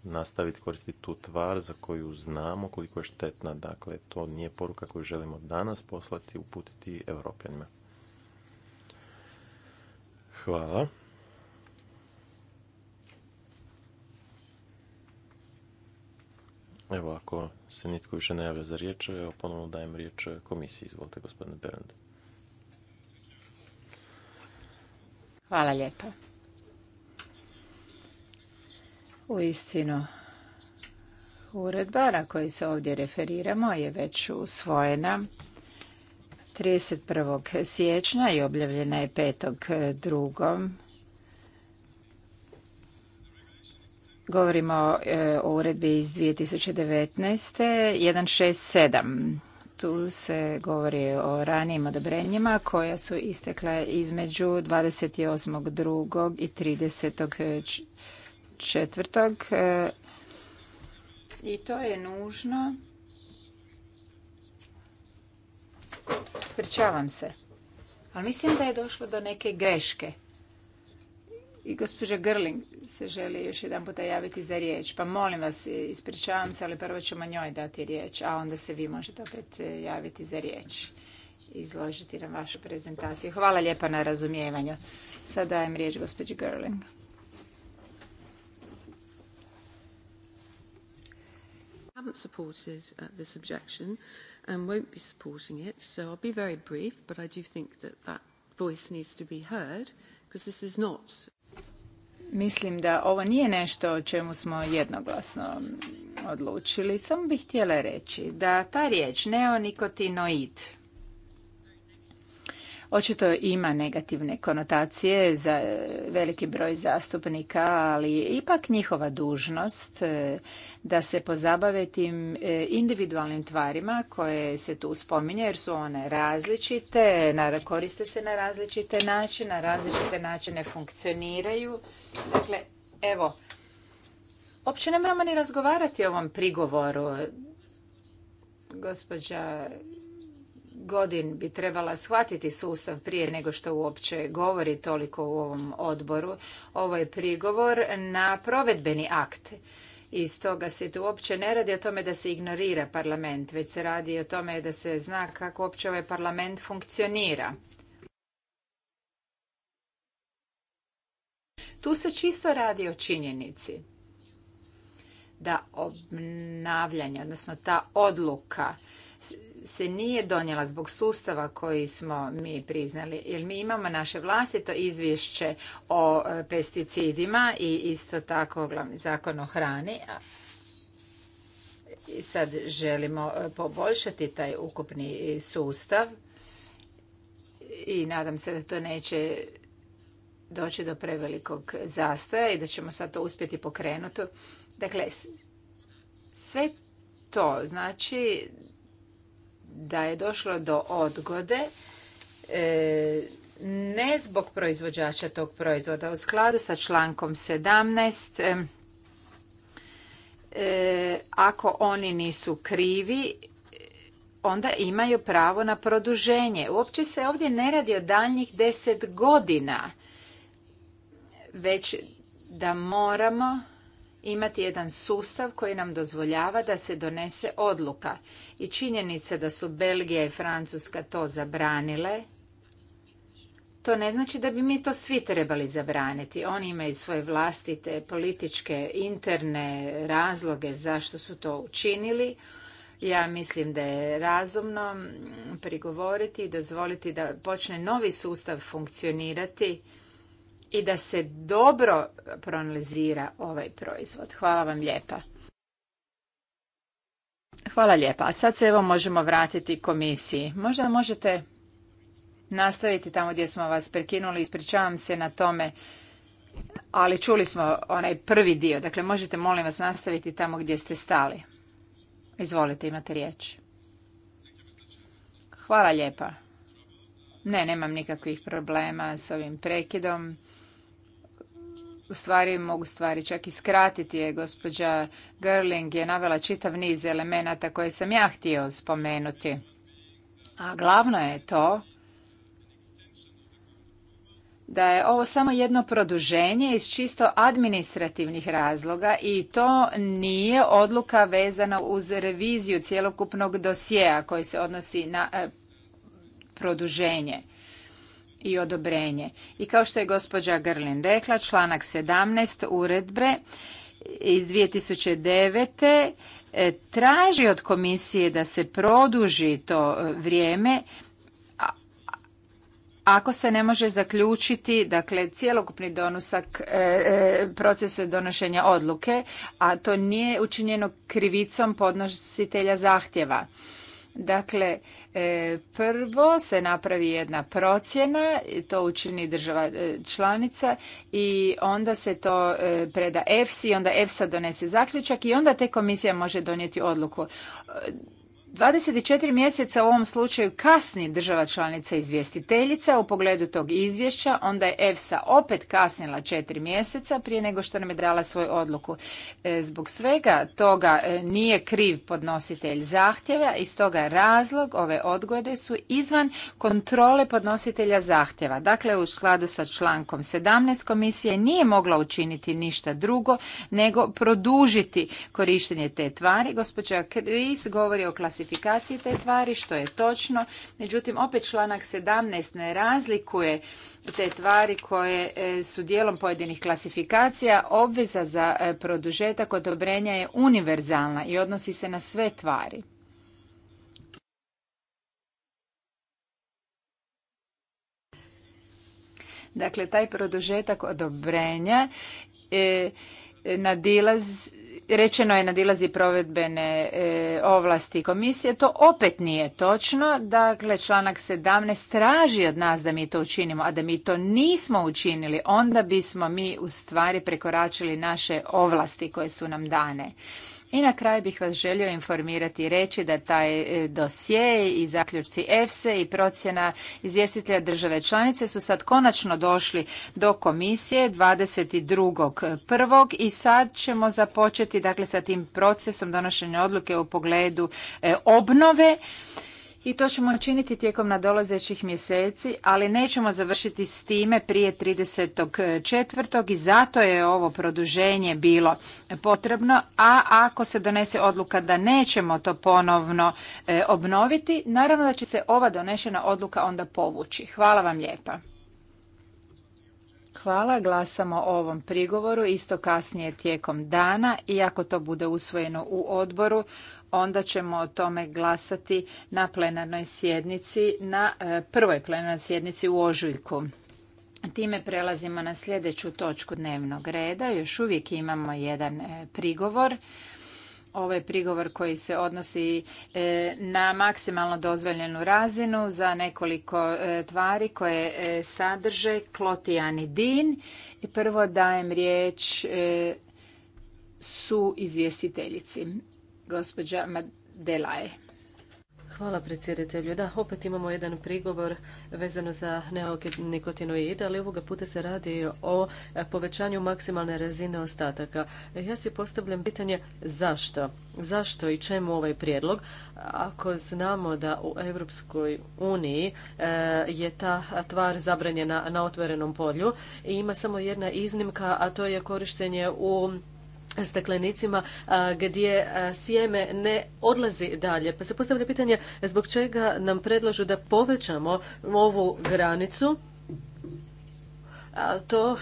nastaviti koristiti tu tvar za koju znamo koliko je štetna. Dakle, to nije poruka koju želimo danas poslati, uputiti Europljanima. Hvala. Evo, ako se nitko više ne javlja za riječ, evo ponovno dajem riječ komisiji. Izvolite, gospodine Berend. Hvala lijepo U istinu, uredba na koju se ovdje referiramo je već usvojena 31. siječnja i objavljena je 5.2. Govorimo e, o uredbi iz 2019. 167. Tu se govori o ranijim odobrenjima koja su istekla između 28.2. i 30.4. E, I to je nužno. Sprečavam se. Ali mislim da je došlo do neke greške. I gospođa Grling se želi još jedan puta javiti za riječ. Pa molim vas, ispričavam se, ali prvo ćemo njoj dati riječ, a onda se vi možete opet e, javiti za riječ izložiti na vašu prezentaciju. Hvala lijepa na razumijevanju. Sada dajem riječ gospođi Gerling. haven't supported uh, this objection and won't be supporting it, so I'll be very brief, but I do think that that voice needs to be heard because this is not Mislim da ovo nije nešto o čemu smo jednoglasno odlučili. Samo bih htjela reći da ta riječ neonikotinoid očito ima negativne konotacije za veliki broj zastupnika, ali ipak njihova dužnost e, da se pozabave tim e, individualnim tvarima koje se tu spominje, jer su one različite, koriste se na različite načine, na različite načine funkcioniraju. Dakle, evo, Opće ne moramo ni razgovarati o ovom prigovoru. Gospođa godin bi trebala shvatiti sustav prije nego što uopće govori toliko u ovom odboru. Ovo je prigovor na provedbeni akt. I stoga se tu uopće ne radi o tome da se ignorira parlament, već se radi o tome da se zna kako uopće ovaj parlament funkcionira. Tu se čisto radi o činjenici da obnavljanje, odnosno ta odluka se nije donijela zbog sustava koji smo mi priznali, jer mi imamo naše vlastito izvješće o e, pesticidima i isto tako glavni zakon o hrani. Sad želimo e, poboljšati taj ukupni sustav i nadam se da to neće doći do prevelikog zastoja i da ćemo sad to uspjeti pokrenuti. Dakle, sve to znači da je došlo do odgode e, ne zbog proizvođača tog proizvoda. U skladu sa člankom 17 e, e, ako oni nisu krivi onda imaju pravo na produženje. Uopće se ovdje ne radi o daljnjih deset godina, već da moramo imati jedan sustav koji nam dozvoljava da se donese odluka. I činjenica da su Belgija i Francuska to zabranile, to ne znači da bi mi to svi trebali zabraniti. Oni imaju svoje vlastite političke interne razloge zašto su to učinili. Ja mislim da je razumno prigovoriti i dozvoliti da počne novi sustav funkcionirati i da se dobro proanalizira ovaj proizvod. Hvala vam lijepa. Hvala lijepa. A sad se evo možemo vratiti komisiji. Možda možete nastaviti tamo gdje smo vas prekinuli. Ispričavam se na tome, ali čuli smo onaj prvi dio. Dakle, možete molim vas nastaviti tamo gdje ste stali. Izvolite, imate riječ. Hvala lijepa. Ne, nemam nikakvih problema s ovim prekidom u stvari mogu stvari čak i skratiti je gospođa Gerling je navela čitav niz elemenata koje sam ja htio spomenuti. A glavno je to da je ovo samo jedno produženje iz čisto administrativnih razloga i to nije odluka vezana uz reviziju cjelokupnog dosjea koji se odnosi na eh, produženje i odobrenje. I kao što je gospođa Grlin rekla, članak 17 uredbe iz 2009. E, traži od komisije da se produži to e, vrijeme ako se ne može zaključiti dakle cjelokupni donosak e, e, procese donošenja odluke, a to nije učinjeno krivicom podnositelja zahtjeva. Dakle, e, prvo se napravi jedna procjena, to učini država e, članica i onda se to e, preda EFSI, onda EFSA donese zaključak i onda te komisija može donijeti odluku. 24 mjeseca u ovom slučaju kasni država članica izvjestiteljica u pogledu tog izvješća, onda je EFSA opet kasnila 4 mjeseca prije nego što nam je dala svoju odluku. E, zbog svega toga e, nije kriv podnositelj zahtjeva i stoga razlog ove odgode su izvan kontrole podnositelja zahtjeva. Dakle, u skladu sa člankom 17 komisije nije mogla učiniti ništa drugo nego produžiti korištenje te tvari. Gospođa Kris govori o klasifikaciji klasifikaciji te tvari, što je točno. Međutim, opet članak 17 ne razlikuje te tvari koje e, su dijelom pojedinih klasifikacija. Obveza za e, produžetak odobrenja je univerzalna i odnosi se na sve tvari. Dakle, taj produžetak odobrenja e, nadilaz rečeno je nadilazi provedbene e, ovlasti komisije, to opet nije točno. Dakle, članak 17 traži od nas da mi to učinimo, a da mi to nismo učinili, onda bismo mi u stvari prekoračili naše ovlasti koje su nam dane. I na kraju bih vas želio informirati i reći da taj e, dosje i zaključci EFSE i procjena izvjestitelja države članice su sad konačno došli do komisije 22.1. i sad ćemo započeti dakle sa tim procesom donošenja odluke u pogledu e, obnove i to ćemo činiti tijekom nadolazećih mjeseci, ali nećemo završiti s time prije 34. i zato je ovo produženje bilo potrebno, a ako se donese odluka da nećemo to ponovno e, obnoviti, naravno da će se ova donešena odluka onda povući. Hvala vam lijepa. Hvala, glasamo o ovom prigovoru isto kasnije tijekom dana i ako to bude usvojeno u odboru, onda ćemo o tome glasati na plenarnoj sjednici, na e, prvoj plenarnoj sjednici u Ožujku. Time prelazimo na sljedeću točku dnevnog reda. Još uvijek imamo jedan e, prigovor. Ovo je prigovor koji se odnosi e, na maksimalno dozvoljenu razinu za nekoliko tvari koje sadrže klotijanidin. I prvo dajem riječ su izvjestiteljici. Gospođa Madelaje. Hvala predsjedatelju. Da, opet imamo jedan prigovor vezano za neonikotinoide, ali ovoga puta se radi o povećanju maksimalne razine ostataka. Ja si postavljam pitanje zašto? Zašto i čemu ovaj prijedlog? Ako znamo da u Europskoj uniji e, je ta tvar zabranjena na otvorenom polju i ima samo jedna iznimka, a to je korištenje u staklenicima gdje sjeme ne odlazi dalje. Pa se postavlja pitanje zbog čega nam predlažu da povećamo ovu granicu. to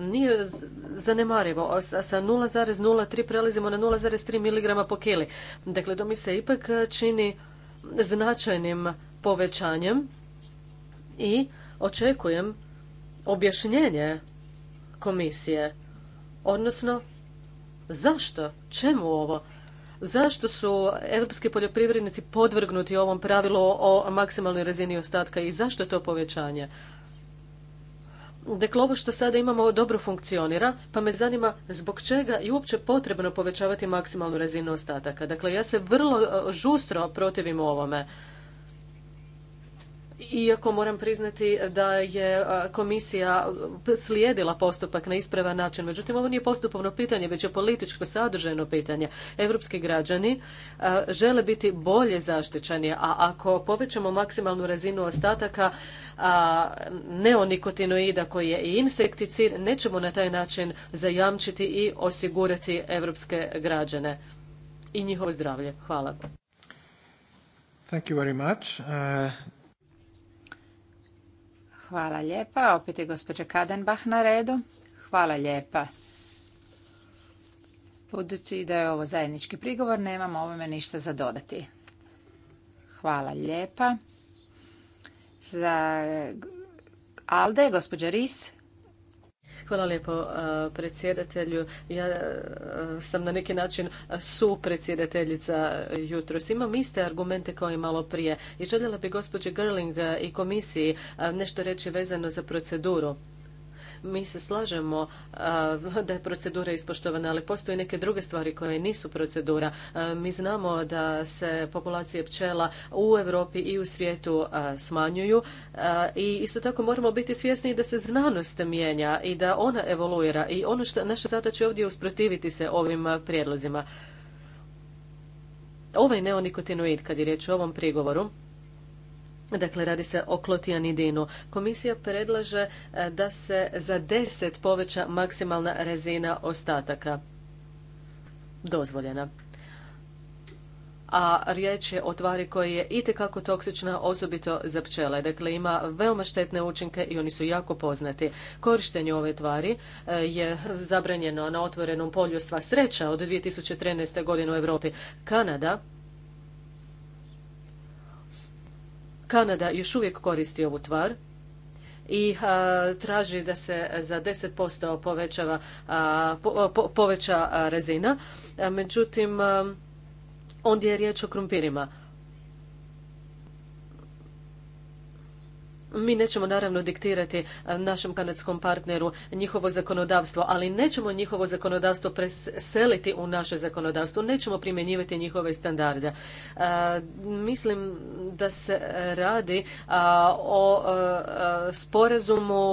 nije zanemarivo. Sa 0,03 prelazimo na 0,3 mg po kili. Dakle, to mi se ipak čini značajnim povećanjem i očekujem objašnjenje komisije, odnosno Zašto? Čemu ovo? Zašto su europski poljoprivrednici podvrgnuti ovom pravilu o maksimalnoj razini ostatka i zašto je to povećanje? Dakle, ovo što sada imamo dobro funkcionira, pa me zanima zbog čega je uopće potrebno povećavati maksimalnu razinu ostataka. Dakle, ja se vrlo e, žustro protivim ovome. Iako moram priznati da je komisija slijedila postupak na ispravan način, međutim ovo nije postupovno pitanje, već je političko sadržajno pitanje. Europski građani žele biti bolje zaštićeni, a ako povećamo maksimalnu razinu ostataka neonikotinoida koji je i insekticid, nećemo na taj način zajamčiti i osigurati europske građane i njihovo zdravlje. Hvala. Uh, Hvala lijepa. Opet je gospođa Kadenbach na redu. Hvala lijepa. Budući da je ovo zajednički prigovor, nemam ovome ništa za dodati. Hvala lijepa. Za Alde, gospođa Ris. Hvala lijepo e, predsjedatelju. Ja e, sam na neki način su predsjedateljica jutros. Imam iste argumente kao i malo prije i željela bi gospođi Gerling i komisiji e, nešto reći vezano za proceduru. Mi se slažemo da je procedura ispoštovana, ali postoje neke druge stvari koje nisu procedura. Mi znamo da se populacije pčela u Europi i u svijetu smanjuju i isto tako moramo biti svjesni da se znanost mijenja i da ona evoluira i ono što naša zadaća ovdje usprotiviti se ovim prijedlozima. Ovaj neonikotinoid, kad je riječ o ovom prigovoru, Dakle, radi se o klotijanidinu. Komisija predlaže e, da se za 10 poveća maksimalna razina ostataka dozvoljena. A riječ je o tvari koja je itekako toksična, osobito za pčele. Dakle, ima veoma štetne učinke i oni su jako poznati. Korištenje ove tvari e, je zabranjeno na otvorenom polju sva sreća od 2013. godine u Europi. Kanada Kanada još uvijek koristi ovu tvar i traži da se za 10% povećava, a, poveća razina. Međutim, a, ondje je riječ o krumpirima mi nećemo naravno diktirati e, našem kanadskom partneru njihovo zakonodavstvo, ali nećemo njihovo zakonodavstvo preseliti u naše zakonodavstvo, nećemo primjenjivati njihove standarde. E, mislim da se radi e, o sporazumu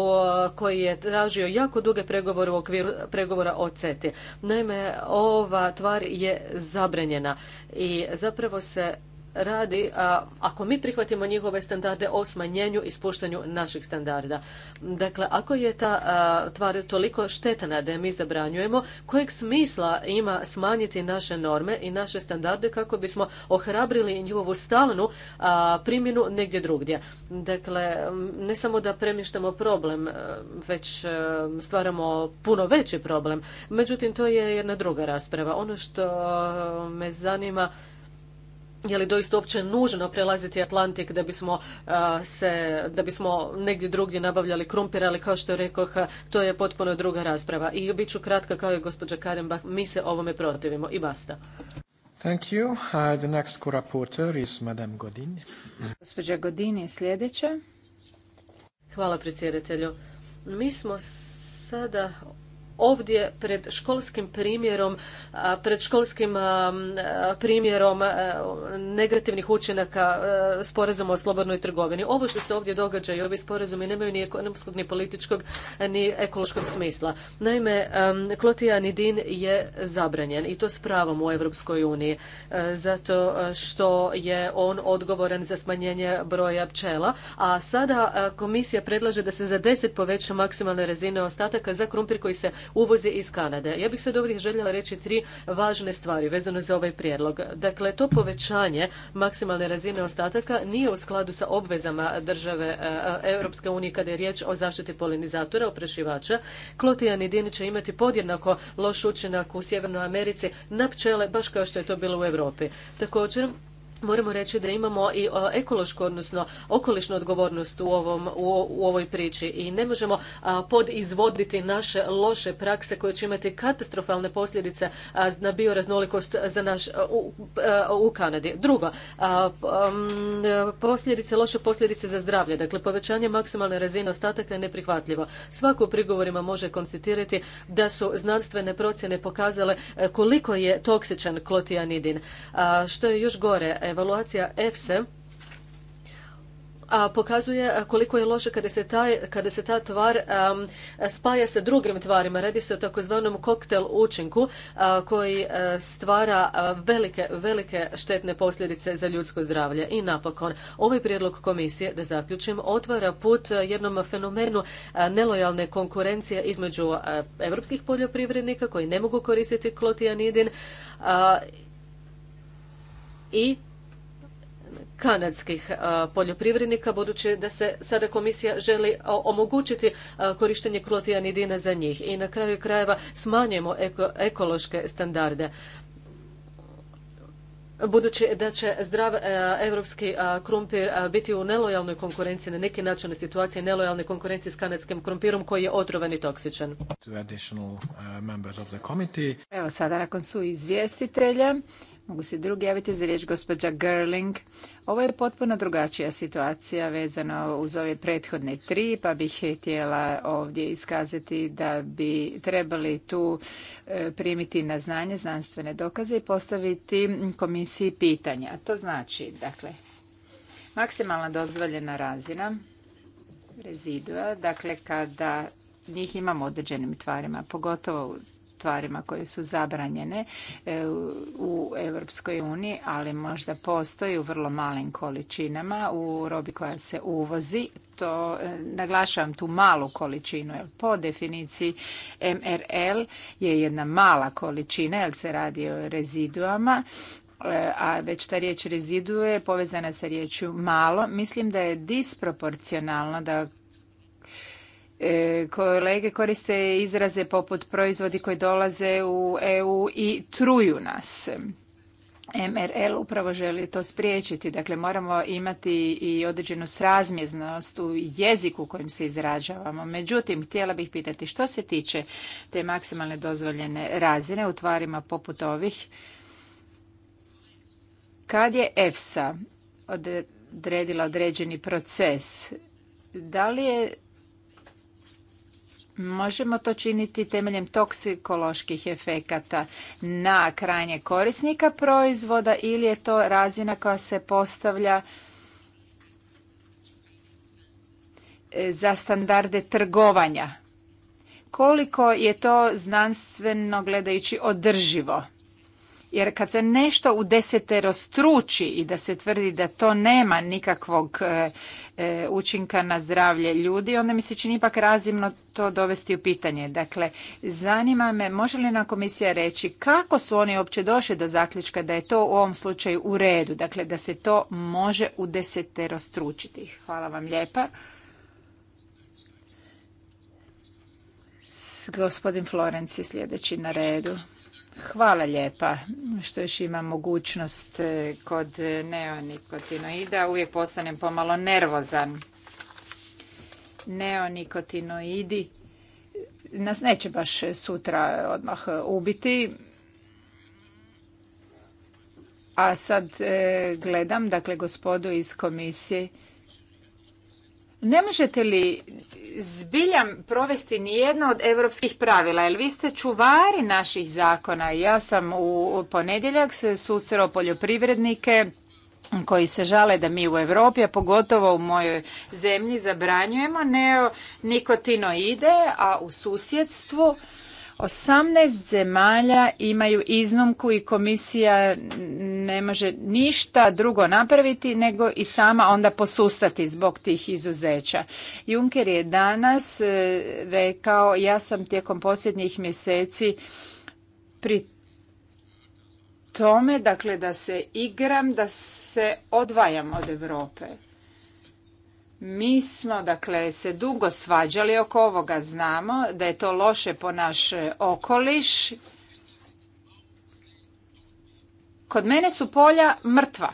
koji je tražio jako duge pregovore u okviru pregovora o CETI. Naime, ova tvar je zabranjena i zapravo se radi a, ako mi prihvatimo njihove standarde o smanjenju i spuštanju naših standarda. Dakle, ako je ta tvar toliko štetna da je mi zabranjujemo, kojeg smisla ima smanjiti naše norme i naše standarde kako bismo ohrabrili njihovu stalnu primjenu negdje drugdje. Dakle, ne samo da premještamo problem, već stvaramo puno veći problem. Međutim, to je jedna druga rasprava. Ono što me zanima je li doista uopće nužno prelaziti Atlantik da bismo uh, se, da bismo negdje drugdje nabavljali krumpir, ali kao što je rekoh, to je potpuno druga rasprava. I bit ću kratka kao i gospođa Karenbach, mi se ovome protivimo i basta. Thank you. Uh, the next co is Madame Godin. Gospođa Godin je sljedeća. Hvala predsjedatelju. Mi smo sada ovdje pred školskim primjerom, pred školskim primjerom negativnih učinaka sporazuma o slobodnoj trgovini. Ovo što se ovdje događa i ovi sporazumi nemaju ni ekonomskog, ni političkog, ni ekološkog smisla. Naime, klotijanidin je zabranjen i to s pravom u Europskoj uniji, zato što je on odgovoran za smanjenje broja pčela, a sada komisija predlaže da se za 10 poveća maksimalne razine ostataka za krumpir koji se Uvozi iz Kanade. Ja bih sad ovdje željela reći tri važne stvari vezano za ovaj prijedlog. Dakle, to povećanje maksimalne razine ostataka nije u skladu sa obvezama države e, e, Europske unije kada je riječ o zaštiti polinizatora, oprašivača. Dini će imati podjednako loš učinak u Sjevernoj Americi na pčele, baš kao što je to bilo u Europi. Također, moramo reći da imamo i e, ekološku, odnosno okolišnu odgovornost u, ovoj priči i ne možemo podizvoditi naše loše prakse koje će imati katastrofalne posljedice na bioraznolikost za naš, u, Kanadi. Drugo, posljedice, loše posljedice za zdravlje. Dakle, povećanje maksimalne razine ostataka je neprihvatljivo. Svako u prigovorima može konstatirati da su znanstvene procjene pokazale e, koliko je toksičan klotijanidin. Što je još gore, evaluacija EFSE pokazuje koliko je loše kada se, ta tvar spaja sa drugim tvarima. Radi se o takozvanom koktel učinku koji stvara velike, velike štetne posljedice za ljudsko zdravlje. I napokon, ovaj prijedlog komisije, da zaključim, otvara put jednom fenomenu nelojalne konkurencije između europskih poljoprivrednika koji ne mogu koristiti klotijanidin i kanadskih e, poljoprivrednika, budući da se sada komisija želi e, omogućiti e, korištenje klotijanidina za njih i na kraju krajeva smanjujemo ekološke standarde. Budući da će zdrav europski krumpir biti u nelojalnoj konkurenciji, na neki način u situaciji nelojalne konkurencije s kanadskim krumpirom koji je otrovan i toksičan. Evo sada nakon su izvjestitelja, mogu se drugi javiti za riječ gospođa Gerling. Ovo je potpuno drugačija situacija vezano uz ove prethodne tri, pa bih htjela ovdje iskazati da bi trebali tu e, primiti na znanje znanstvene dokaze i postaviti komisiji pitanja. To znači, dakle, maksimalna dozvoljena razina rezidua, dakle, kada njih imamo određenim tvarima, pogotovo u koje su zabranjene e, u Europskoj uniji, ali možda postoji u vrlo malim količinama u robi koja se uvozi. To e, naglašavam tu malu količinu, jer po definiciji MRL je jedna mala količina, jer se radi o reziduama e, a već ta riječ reziduje povezana sa riječju malo, mislim da je disproporcionalno da E, kolege koriste izraze poput proizvodi koji dolaze u EU i truju nas. MRL upravo želi to spriječiti. Dakle, moramo imati i određenu srazmjeznost u jeziku kojim se izražavamo. Međutim, htjela bih pitati što se tiče te maksimalne dozvoljene razine u tvarima poput ovih. Kad je EFSA odredila određeni proces, da li je Možemo to činiti temeljem toksikoloških efekata na krajnje korisnika proizvoda ili je to razina koja se postavlja e, za standarde trgovanja. Koliko je to znanstveno gledajući održivo? Jer kad se nešto u desetero struči i da se tvrdi da to nema nikakvog e, e, učinka na zdravlje ljudi, onda mi se čini ipak razimno to dovesti u pitanje. Dakle, zanima me, može li nam komisija reći kako su oni uopće došli do zaključka da je to u ovom slučaju u redu, dakle da se to može u desetero stručiti. Hvala vam lijepa. Gospodin Florenci sljedeći na redu. Hvala lijepa što još imam mogućnost e, kod neonikotinoida. Uvijek postanem pomalo nervozan. Neonikotinoidi nas neće baš sutra odmah ubiti. A sad e, gledam, dakle, gospodu iz komisije. Ne možete li zbiljam provesti nijedno od europskih pravila, jer vi ste čuvari naših zakona. Ja sam u ponedjeljak susreo poljoprivrednike koji se žale da mi u Europi, a pogotovo u mojoj zemlji, zabranjujemo neonikotinoide, a u susjedstvu 18 zemalja imaju iznumku i komisija ne može ništa drugo napraviti nego i sama onda posustati zbog tih izuzeća. Juncker je danas e, rekao ja sam tijekom posljednjih mjeseci pri tome dakle da se igram da se odvajam od Europe. Mi smo dakle se dugo svađali oko ovoga, znamo da je to loše po naš e, okoliš. Kod mene su polja mrtva.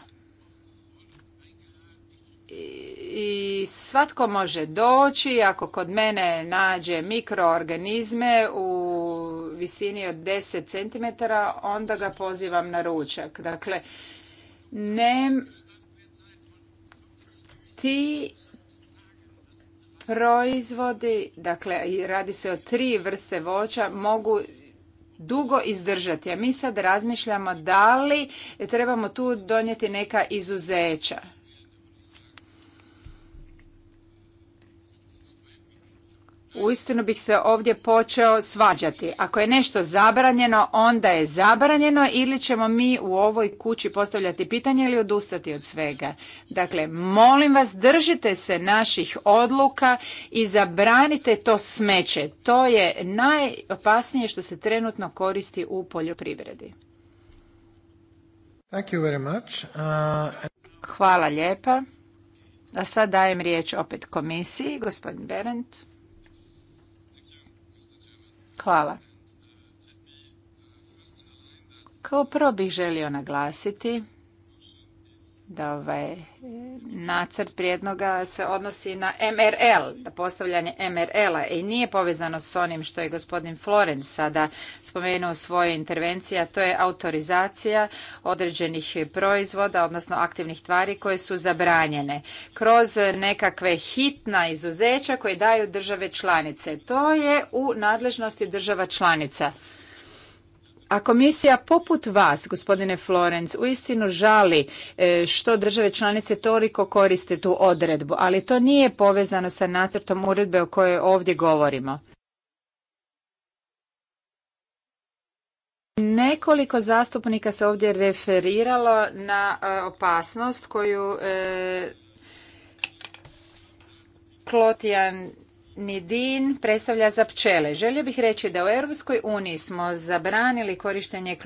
I svatko može doći, ako kod mene nađe mikroorganizme u visini od 10 cm, onda ga pozivam na ručak. Dakle, ne ti proizvodi, dakle radi se o tri vrste voća, mogu dugo izdržati. A mi sad razmišljamo da li trebamo tu donijeti neka izuzeća. uistinu bih se ovdje počeo svađati. Ako je nešto zabranjeno, onda je zabranjeno ili ćemo mi u ovoj kući postavljati pitanje ili odustati od svega. Dakle, molim vas, držite se naših odluka i zabranite to smeće. To je najopasnije što se trenutno koristi u poljoprivredi. Uh, Hvala lijepa. A sad dajem riječ opet komisiji, gospodin Berendt. Hvala. Kao prvo bih želio naglasiti da ovaj e, nacrt prijedloga se odnosi na MRL, da postavljanje MRL-a i nije povezano s onim što je gospodin Florenc sada spomenuo u svojoj intervenciji, a to je autorizacija određenih proizvoda, odnosno aktivnih tvari koje su zabranjene kroz nekakve hitna izuzeća koje daju države članice. To je u nadležnosti država članica. A komisija poput vas, gospodine Florenc, uistinu žali e, što države članice toliko koriste tu odredbu, ali to nije povezano sa nacrtom uredbe o kojoj ovdje govorimo. Nekoliko zastupnika se ovdje referiralo na e, opasnost koju e, Klotijan nidin predstavlja za pčele. Želio bih reći da u Europskoj uniji smo zabranili korištenje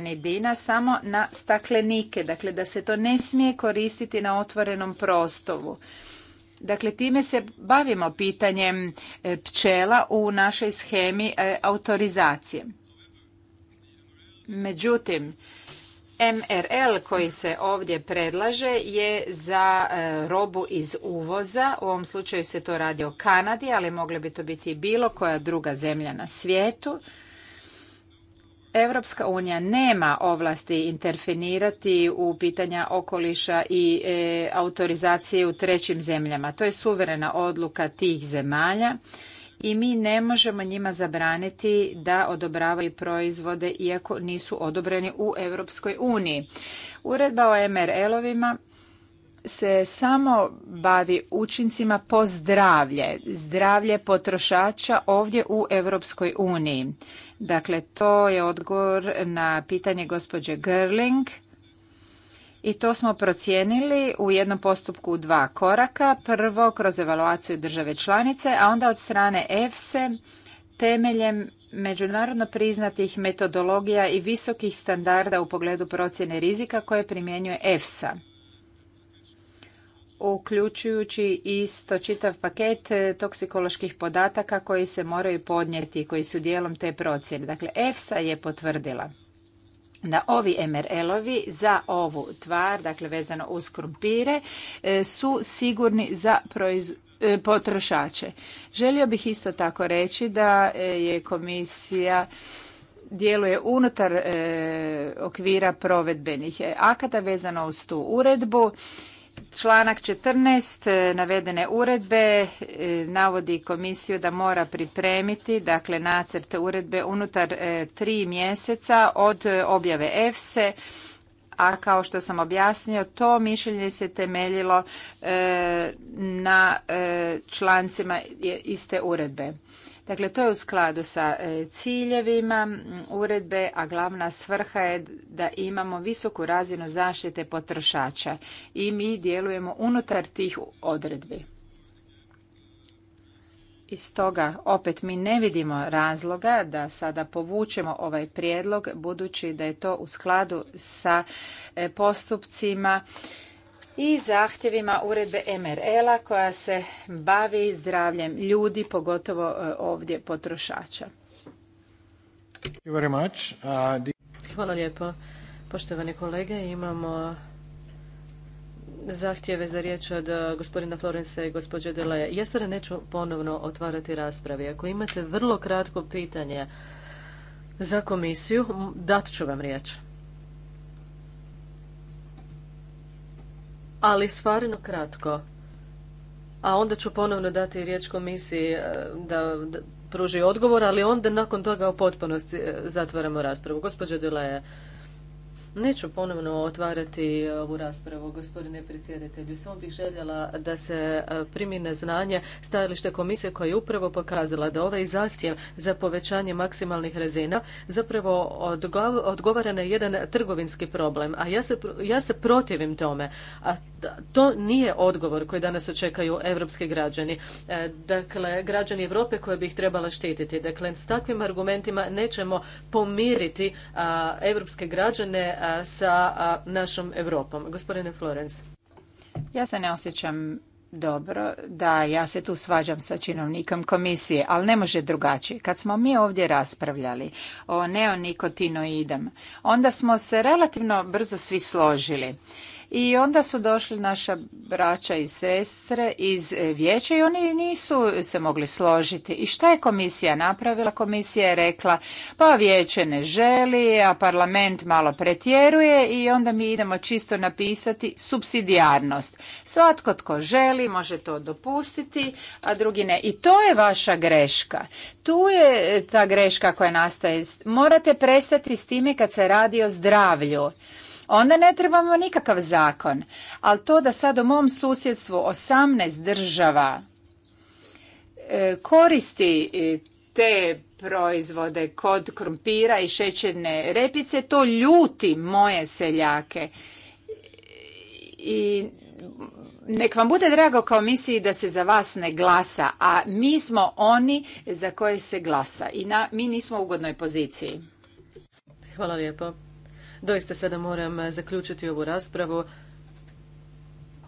nidina samo na staklenike, dakle da se to ne smije koristiti na otvorenom prostoru. Dakle, time se bavimo pitanjem e, pčela u našoj schemi e, autorizacije. Međutim, MRL koji se ovdje predlaže je za e, robu iz uvoza. U ovom slučaju se to radi o Kanadi, ali mogle bi to biti i bilo koja druga zemlja na svijetu. Europska unija nema ovlasti interfinirati u pitanja okoliša i e, autorizacije u trećim zemljama. To je suverena odluka tih zemalja i mi ne možemo njima zabraniti da odobravaju proizvode iako nisu odobreni u Europskoj uniji. Uredba o MRL-ovima se samo bavi učincima po zdravlje, zdravlje potrošača ovdje u Europskoj uniji. Dakle, to je odgovor na pitanje gospođe Gerling i to smo procijenili u jednom postupku u dva koraka. Prvo kroz evaluaciju države članice, a onda od strane EFSE temeljem međunarodno priznatih metodologija i visokih standarda u pogledu procjene rizika koje primjenjuje EFSA uključujući isto čitav paket e, toksikoloških podataka koji se moraju podnijeti koji su dijelom te procjene. Dakle, EFSA je potvrdila da ovi MRL-ovi za ovu tvar, dakle vezano uz krumpire, e, su sigurni za e, potrošače. Želio bih isto tako reći da e, je komisija djeluje unutar okvira provedbenih akata vezano uz tu uredbu Članak 14 e, navedene uredbe e, navodi komisiju da mora pripremiti dakle nacrt uredbe unutar e, tri mjeseca od objave EFSE a kao što sam objasnio to mišljenje se temeljilo na člancima iste uredbe. Dakle, to je u skladu sa e, ciljevima uredbe, a glavna svrha je da imamo visoku razinu zaštite potrošača i mi djelujemo unutar tih odredbi. I stoga opet mi ne vidimo razloga da sada povučemo ovaj prijedlog budući da je to u skladu sa e, postupcima i zahtjevima uredbe MRL-a koja se bavi zdravljem ljudi, pogotovo e, ovdje potrošača. Uh, Hvala lijepo. Poštovane kolege, imamo zahtjeve za riječ od e, gospodina Florence i gospođe Deleje. Ja sada neću ponovno otvarati raspravi. Ako imate vrlo kratko pitanje za komisiju, dat ću vam riječ. ali stvarno kratko. A onda ću ponovno dati riječ komisiji e, da, pruži odgovor, ali onda nakon toga u potpunosti e, zatvaramo raspravu. Gospođo Dulaje, Neću ponovno otvarati ovu raspravu, gospodine predsjedatelju. Samo bih željela da se e, primi na znanje stajalište komisije koja je upravo pokazala da ovaj zahtjev za povećanje maksimalnih razina zapravo odgovara na jedan trgovinski problem. A ja se, protivim tome. A to nije odgovor koji danas očekaju evropski građani. E, dakle, građani Europe koje bi ih trebala štititi. Dakle, s takvim argumentima nećemo pomiriti evropske građane sa našom Europom. Gospodine Florence. Ja se ne osjećam dobro da ja se tu svađam sa činovnikom komisije, ali ne može drugačije. Kad smo mi ovdje raspravljali o neonikotinoidama, onda smo se relativno brzo svi složili i onda su došli naša braća i sestre iz vijeća i oni nisu se mogli složiti. I šta je komisija napravila? Komisija je rekla pa vijeće ne želi, a parlament malo pretjeruje i onda mi idemo čisto napisati subsidijarnost. Svatko tko želi može to dopustiti, a drugi ne. I to je vaša greška. Tu je ta greška koja nastaje. Morate prestati s time kad se radi o zdravlju onda ne trebamo nikakav zakon. Ali to da sad u mom susjedstvu 18 država e, koristi e, te proizvode kod krumpira i šećerne repice, to ljuti moje seljake. I nek vam bude drago kao misiji da se za vas ne glasa, a mi smo oni za koje se glasa i na, mi nismo u ugodnoj poziciji. Hvala lijepo. Doista sada moram eh, zaključiti ovu raspravu.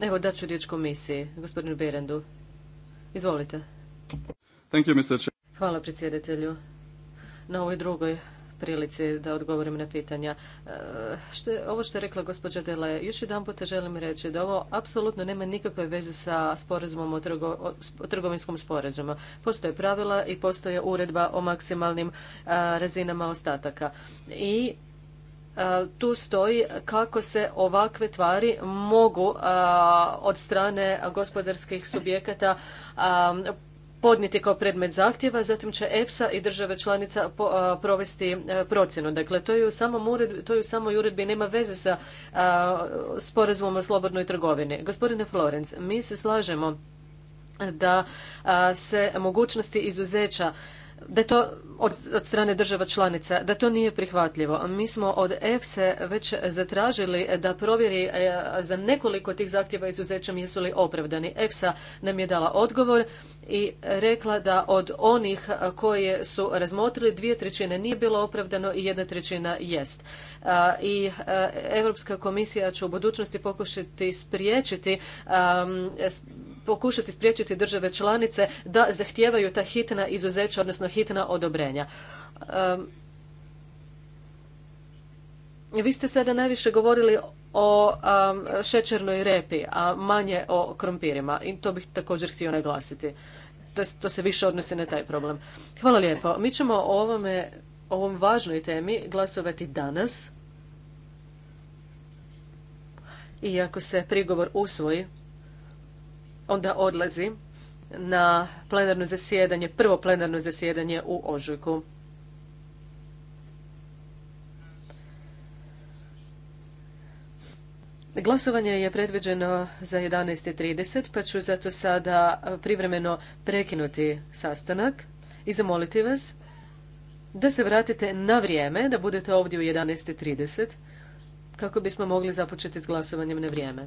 Evo ću riječ komisiji, gospodinu Berendu. Izvolite. Hvala predsjedatelju na ovoj drugoj prilici da odgovorim na pitanja. Eh, ovo što je rekla gospođa Dele, još jedan puta želim reći da ovo apsolutno nema nikakve veze sa sporazumom o, trgovinskom sporazumu. Postoje pravila i postoje uredba o maksimalnim eh, razinama ostataka. I E, tu stoji kako se ovakve tvari mogu e, od strane gospodarskih subjekata e, podnijeti kao predmet zahtjeva, zatim će EPSA i države članica provesti procjenu. Dakle, to je u uredbi, u samoj uredbi nema veze sa sporazumom o slobodnoj trgovini. Gospodine Florenc, mi se slažemo da se mogućnosti izuzeća da je to od, od strane država članica, da to nije prihvatljivo. Mi smo od EFSE već zatražili da provjeri e, za nekoliko tih zahtjeva izuzećem jesu li opravdani. EFSA nam je dala odgovor i rekla da od onih koje su razmotrili dvije trećine nije bilo opravdano i jedna trećina jest. I Europska komisija će u budućnosti pokušati spriječiti pokušati spriječiti države članice da zahtijevaju ta hitna izuzeća, odnosno hitna odobrenja. Vi ste sada najviše govorili o šećernoj repi, a manje o krompirima. I to bih također htio naglasiti. To, to se više odnosi na taj problem. Hvala lijepo. Mi ćemo o ovome, ovom važnoj temi glasovati danas. I ako se prigovor usvoji, onda odlazi na plenarno zasjedanje, prvo plenarno zasjedanje u ožujku. Glasovanje je predviđeno za 11.30, pa ću zato sada privremeno prekinuti sastanak i zamoliti vas da se vratite na vrijeme, da budete ovdje u 11.30, kako bismo mogli započeti s glasovanjem na vrijeme.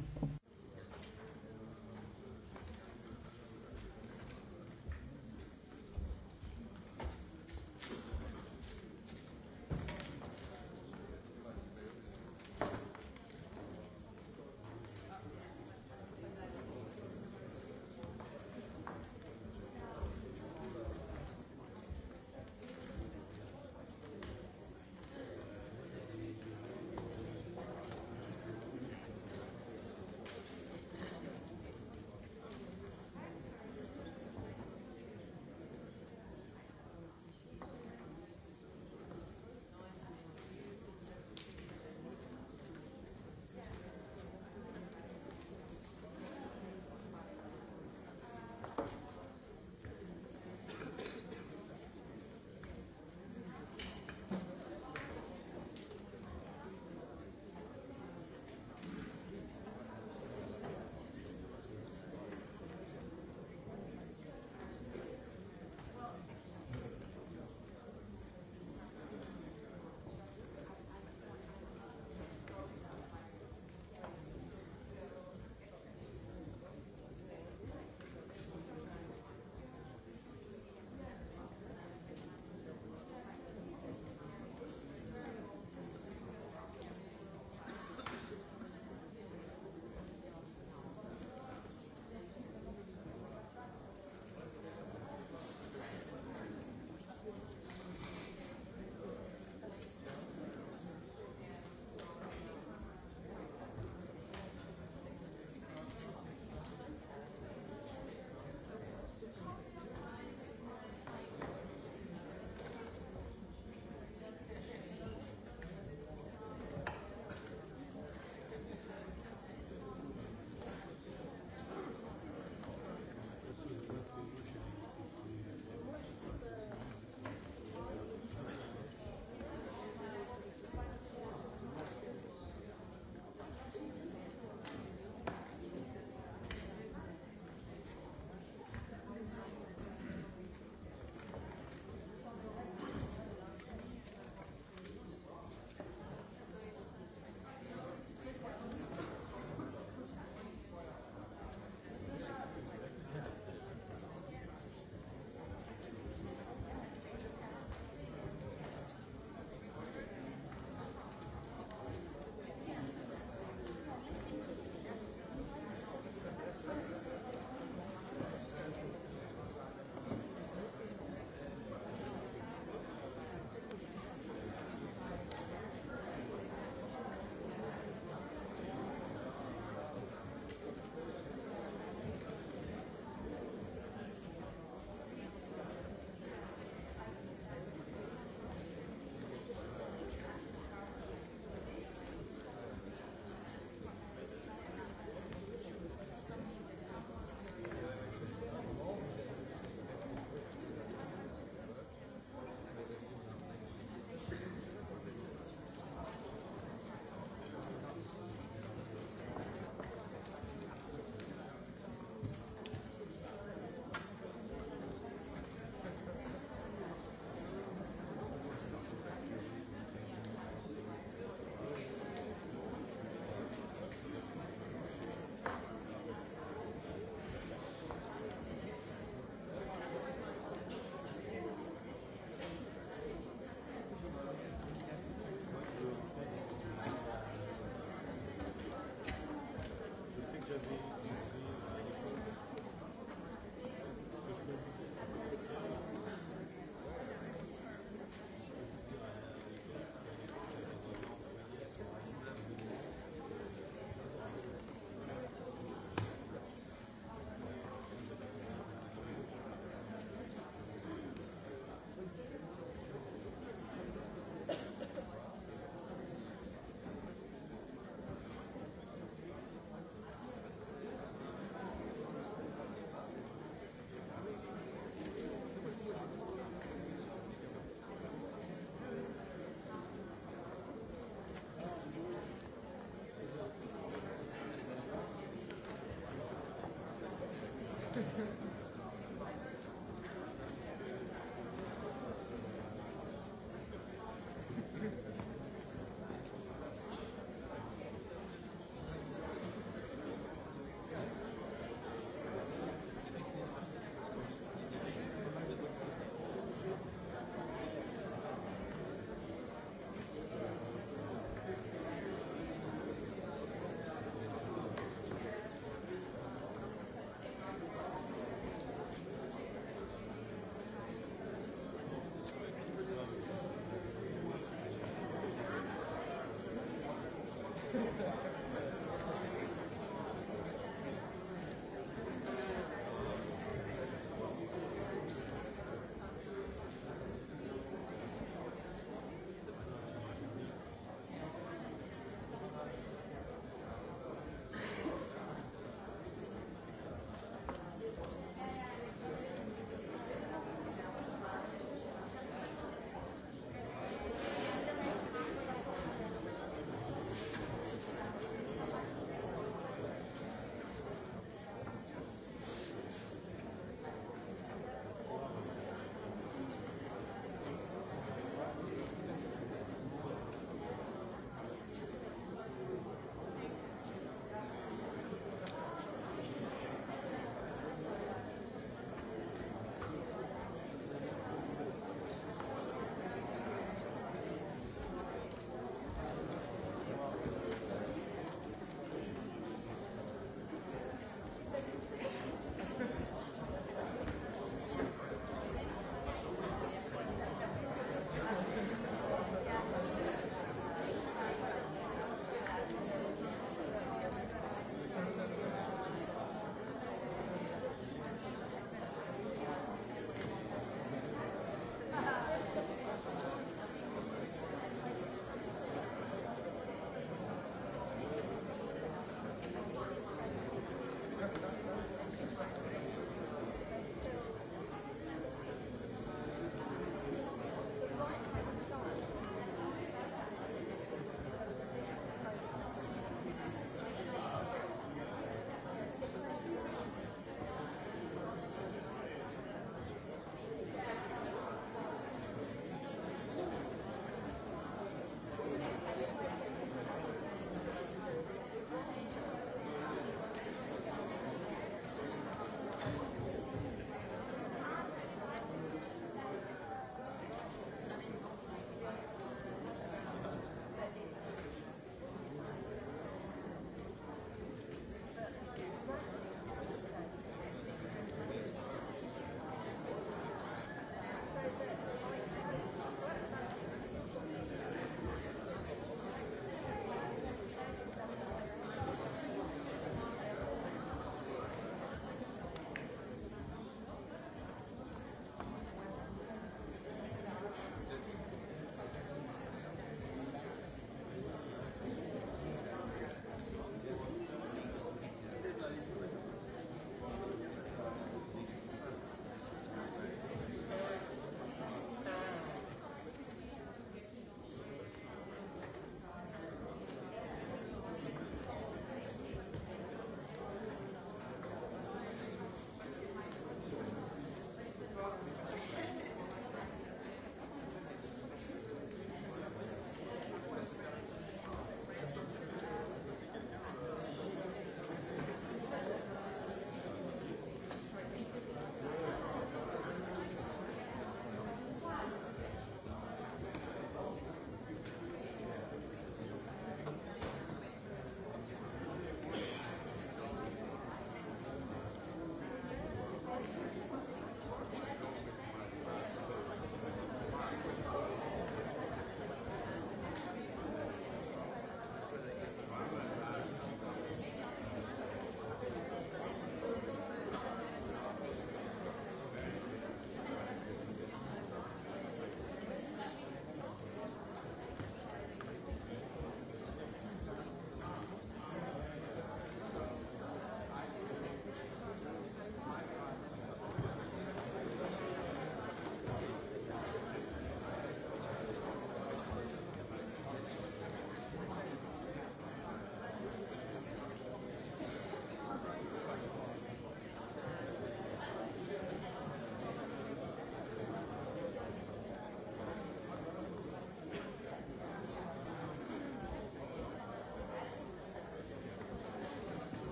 Hvala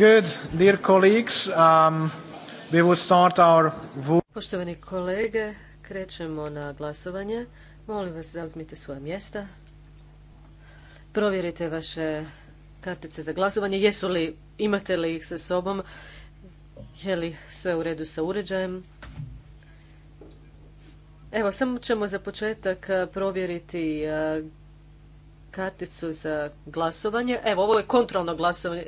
Um, Poštovani kolege, krećemo na glasovanje. Molim vas, zauzmite svoje mjesta. Provjerite vaše kartice za glasovanje. Jesu li, imate li ih sa sobom? Je li sve u redu sa uređajem? Evo, samo ćemo za početak eh, provjeriti eh, karticu za glasovanje. Evo, ovo je kontrolno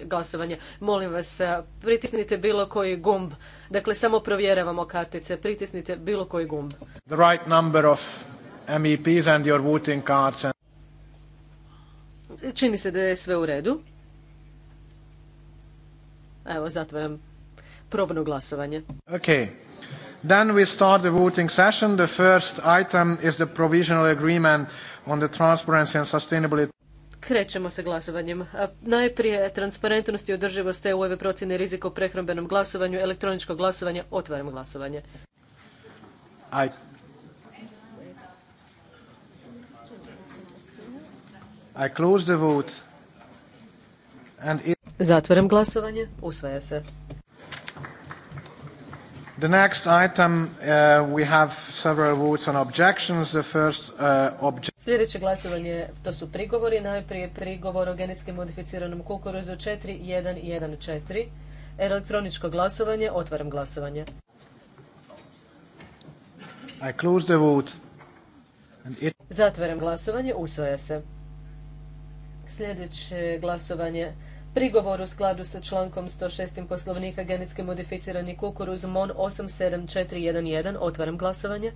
glasovanje. Molim vas, eh, pritisnite bilo koji gumb. Dakle, samo provjeravamo kartice. Pritisnite bilo koji gumb. The right number of MEPs and your voting cards Čini se da je sve u redu. Evo, zatvaram probno glasovanje. Okay. Then we start the voting session. The first item is the provisional agreement on the transparency and sustainability. Krećemo sa glasovanjem. Najprije transparentnost i održivost EU-ove procjene rizika u prehrambenom glasovanju, elektroničko glasovanje, otvaram glasovanje. I... I the vote. Zatvaram glasovanje. Usvaja se. The next item, uh, we have several votes on objections. The first uh, Sljedeće glasovanje, to su prigovori. Najprije prigovor o genetski modificiranom kukuruzu 4114. Elektroničko glasovanje, otvaram glasovanje. I close the vote. Zatvaram glasovanje, usvaja se. Sljedeće glasovanje, Prigovor u skladu sa člankom 106. poslovnika genetski modificirani kukuruz MON 87411. Otvaram glasovanje.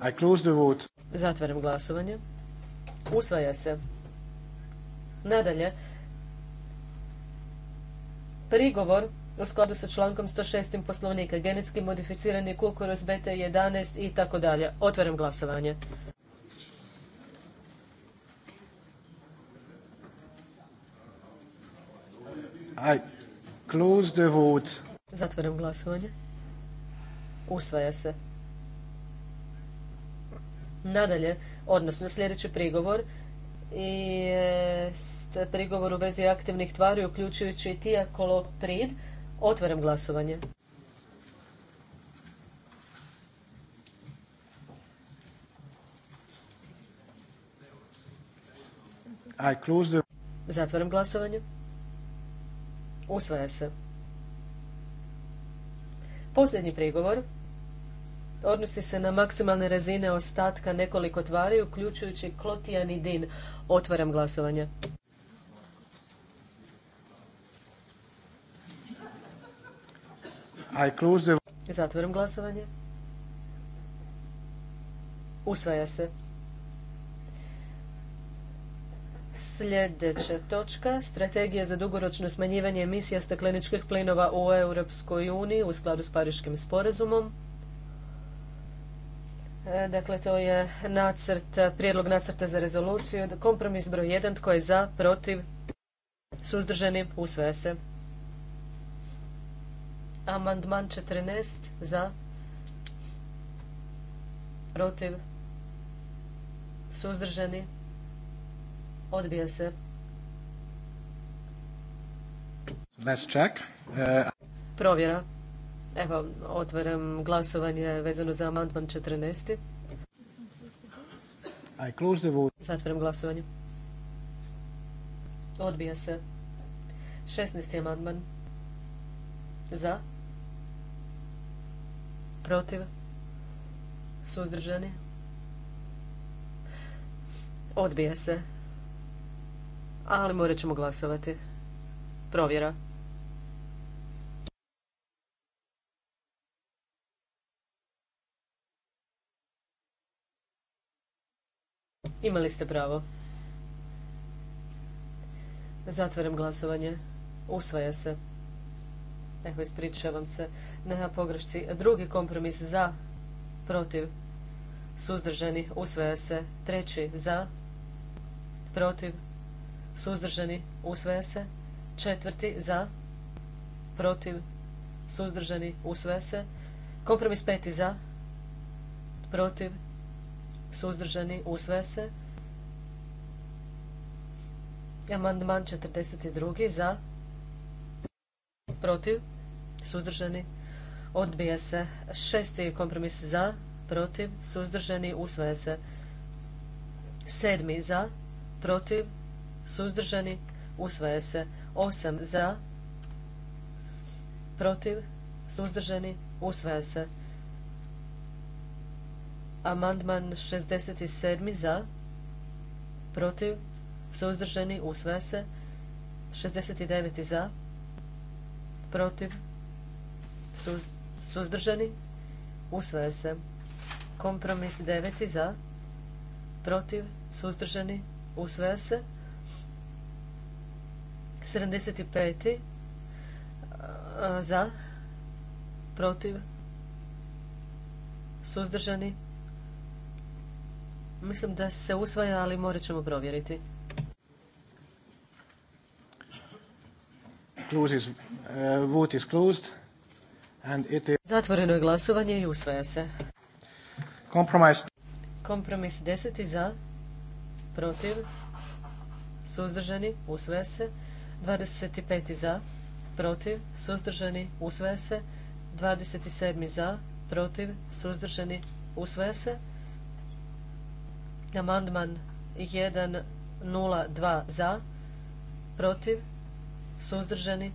I close the Zatvaram glasovanje. Usvaja se. Nadalje, prigovor u skladu sa člankom 106. poslovnika genetski modificirani kukuruz BT11 i tako dalje. Otvaram glasovanje. I close the vote. Zatvaram glasovanje. Usvaja se. Nadalje, odnosno sljedeći prigovor i prigovor u vezi aktivnih tvari, uključujući i Prid. Otvaram glasovanje. I close the... Zatvaram glasovanje. Usvaja se. Posljednji prigovor odnosi se na maksimalne razine ostatka nekoliko tvari, uključujući din. Otvaram glasovanje. Zatvaram glasovanje. Usvaja se. Sljedeća točka, strategija za dugoročno smanjivanje emisija stakleničkih plinova u Europskoj uniji u skladu s Pariškim sporazumom. E, dakle, to je nacrt, prijedlog nacrta za rezoluciju. Kompromis broj 1, tko je za, protiv, suzdržani, usvaja se. Amandman 14, za, protiv, suzdržani, Odbija se. Let's check. Uh, Provjera. Evo, otvaram glasovanje vezano za amandman 14. I Zatvaram glasovanje. Odbija se. 16. amandman. Za. Protiv. Suzdržani. Odbija se ali morat ćemo glasovati. Provjera. Imali ste pravo. Zatvaram glasovanje. Usvaja se. Evo, ispričavam se na pogrešci. Drugi kompromis za, protiv, suzdržani. Usvaja se. Treći za, protiv, suzdržani, usvaja se. Četvrti za, protiv, suzdržani, usvaja se. Kompromis peti za, protiv, suzdržani, usvaja se. Amandman 42. za, protiv, suzdržani, odbija se. Šesti kompromis za, protiv, suzdržani, usvaja se. Sedmi za, protiv, suzdržani, usvaja se. 8 za, protiv, suzdržani, usvaja se. Amandman 67. za, protiv, suzdržani, usvaja se. 69. za, protiv, suzdržani, usvaja se. Kompromis 9. za, protiv, suzdržani, usvaja se. 75. Za. Protiv. Suzdržani. Mislim da se usvaja, ali morat ćemo provjeriti. Uh, Zatvoreno je glasovanje i usvaja se. Kompromis 10 za, protiv, suzdržani, usvaja se. 25. za, protiv, suzdržani, usvaja se. 27. za, protiv, suzdržani, usvaja se. Amandman 1.02 za, protiv, suzdržani,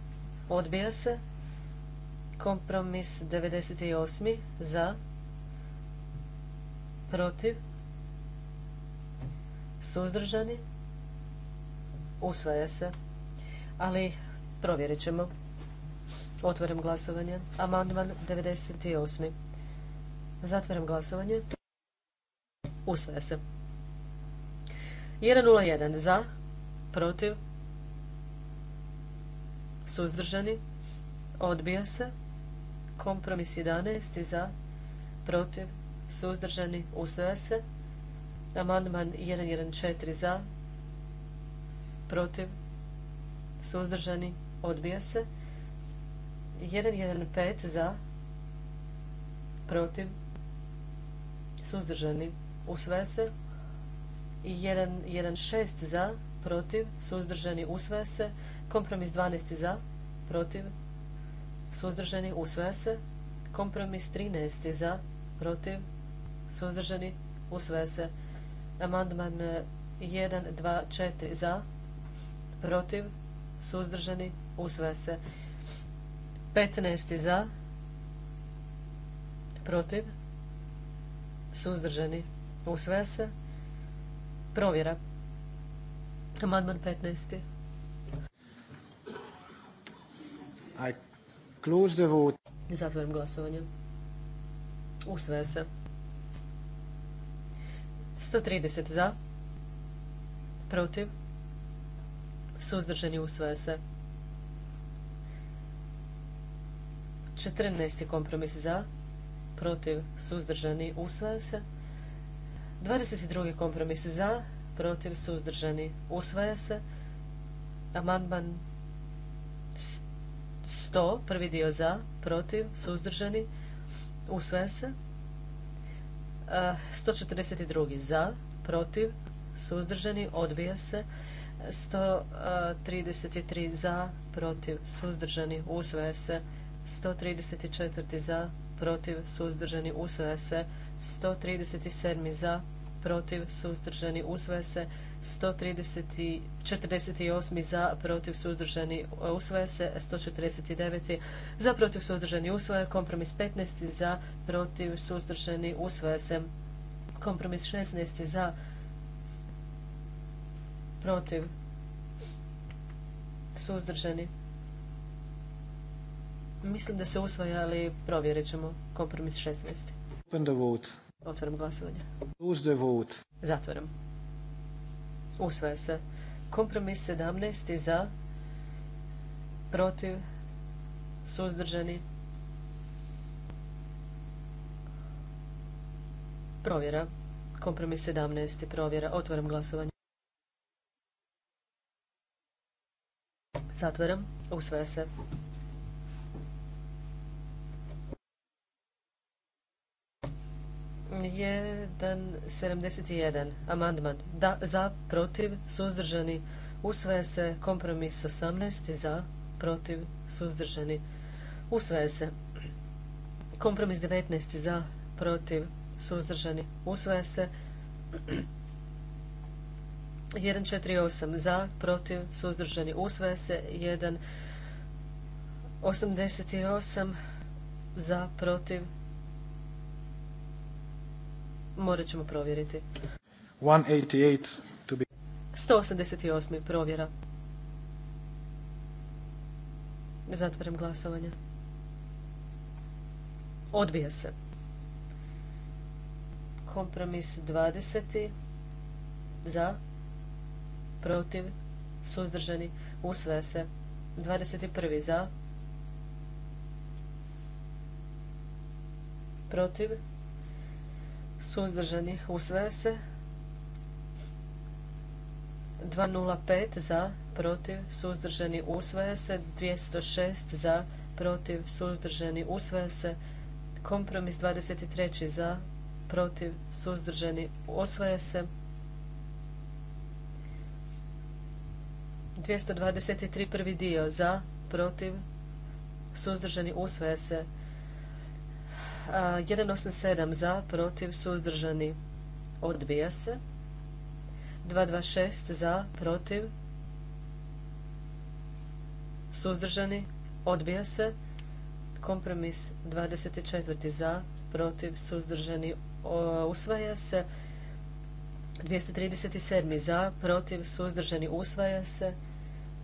odbija se. Kompromis 98. za, protiv, suzdržani, usvaja se ali provjerit ćemo. Otvaram glasovanje. Amandman 98. Zatvaram glasovanje. Usvaja se. 101 za, protiv, suzdržani, odbija se. Kompromis 11 za, protiv, suzdržani, usvaja se. Amandman 114 za, protiv, suzdržani, odbija se. 115 za, protiv, suzdržani, usve se. 116 za, protiv, suzdržani, usve se. Kompromis 12 za, protiv, suzdržani, usve se. Kompromis 13 za, protiv, suzdržani, usve se. Amandman 1, eh, za, protiv, suzdržani, usvaja se. 15. za, protiv, suzdržani, usvaja se. Provjera. Amandman 15. Zatvorim glasovanje. Usvaja se. 130 za, protiv, suzdržani, usvaja se. 14. kompromis za, protiv, suzdržani, usvaja se. 22. kompromis za, protiv, suzdržani, usvaja se. Amandman 100, prvi dio za, protiv, suzdržani, usvaja se. 142. za, protiv, suzdržani, odbija se. 133 za, protiv, suzdržani, usvaja se. 134 za, protiv, suzdržani, usvaja se. 137 za, protiv, suzdržani, usvaja se. 130, za, protiv, suzdržani, usvaja se. 149 za, protiv, suzdržani, usvaja. Kompromis 15 za, protiv, suzdržani, usvaja se. Kompromis 16 za, protiv, suzdržani. Mislim da se usvaja, ali provjerit ćemo. Kompromis 16. Open the Otvaram glasovanje. Zatvorim, Zatvaram. Usvaja se. Kompromis 17. za, protiv, suzdržani. Provjera. Kompromis 17. Provjera. Otvaram glasovanje. Zatvaram. Usvaja se. Jedan, 71. Amandman. Da, za, protiv, suzdržani. Usvaja se kompromis 18. Za, protiv, suzdržani. Usvaja se. Kompromis 19. Za, protiv, suzdržani. Usvaja se. 148 za, protiv, suzdržani, usvaja se. 188 za, protiv, morat ćemo provjeriti. 188 to be... 188. provjera. Zatvaram glasovanje. Odbija se. Kompromis 20. Za protiv, suzdržani, usvaja se. 21. za, protiv, suzdržani, usvaja se. 205 za, protiv, suzdržani, usvaja se. 206 za, protiv, suzdržani, usvaja se. Kompromis 23. za, protiv, suzdržani, osvaja se. 223. prvi dio za, protiv, suzdržani, usvaja se. 187 za, protiv, suzdržani, odbija se. 226 za, protiv, suzdržani, odbija se. Kompromis 24 za, protiv, suzdržani, usvaja se. 237 za, protiv, suzdržani, usvaja se.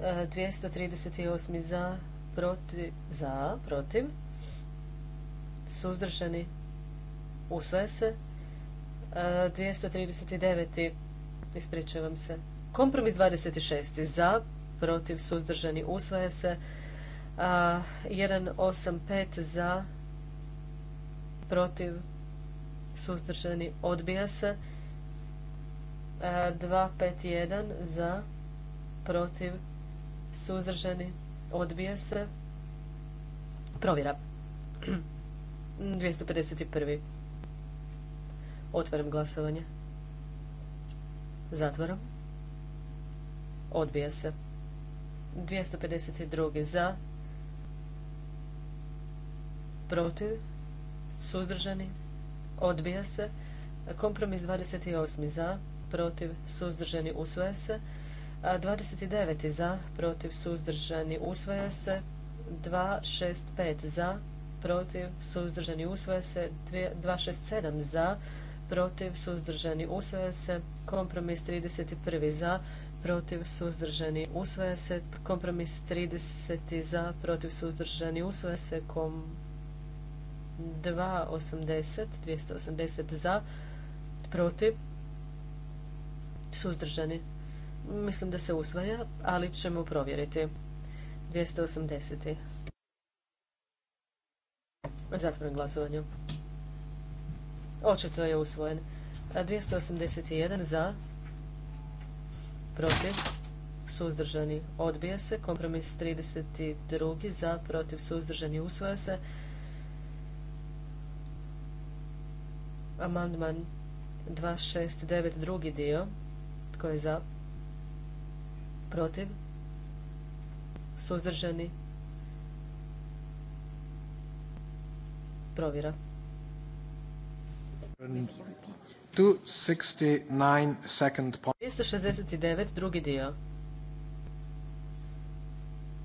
238. za, protiv, za, protiv, suzdržani, usvaja se. 239. E, ispričavam se. Kompromis 26. za, protiv, suzdržani, usvaja se. 185 e, za, protiv, suzdržani, odbija se. 251 e, za, protiv, suzdržani, odbija se. Provjera. 251. Otvaram glasovanje. Zatvaram. Odbija se. 252. Za. Protiv. Suzdržani. Odbija se. Kompromis 28. Za. Protiv. Suzdržani. Usvaja se. 29. za, protiv, suzdržani, usvaja se. 265 za, protiv, suzdržani, usvaja se. 267 za, protiv, suzdržani, usvaja se. Kompromis 31. za, protiv, suzdržani, usvaja se. Kompromis 30. za, protiv, suzdržani, usvaja se. Kom 280, 280 za, protiv, suzdržani, Mislim da se usvaja, ali ćemo provjeriti. 280. Zatvorim glasovanje. Očito je usvojen. 281 za, protiv, suzdržani, odbija se. Kompromis 32 za, protiv, suzdržani, usvaja se. Amandman 269, drugi dio. Tko je za? protiv, suzdržani, provjera. 269 drugi dio.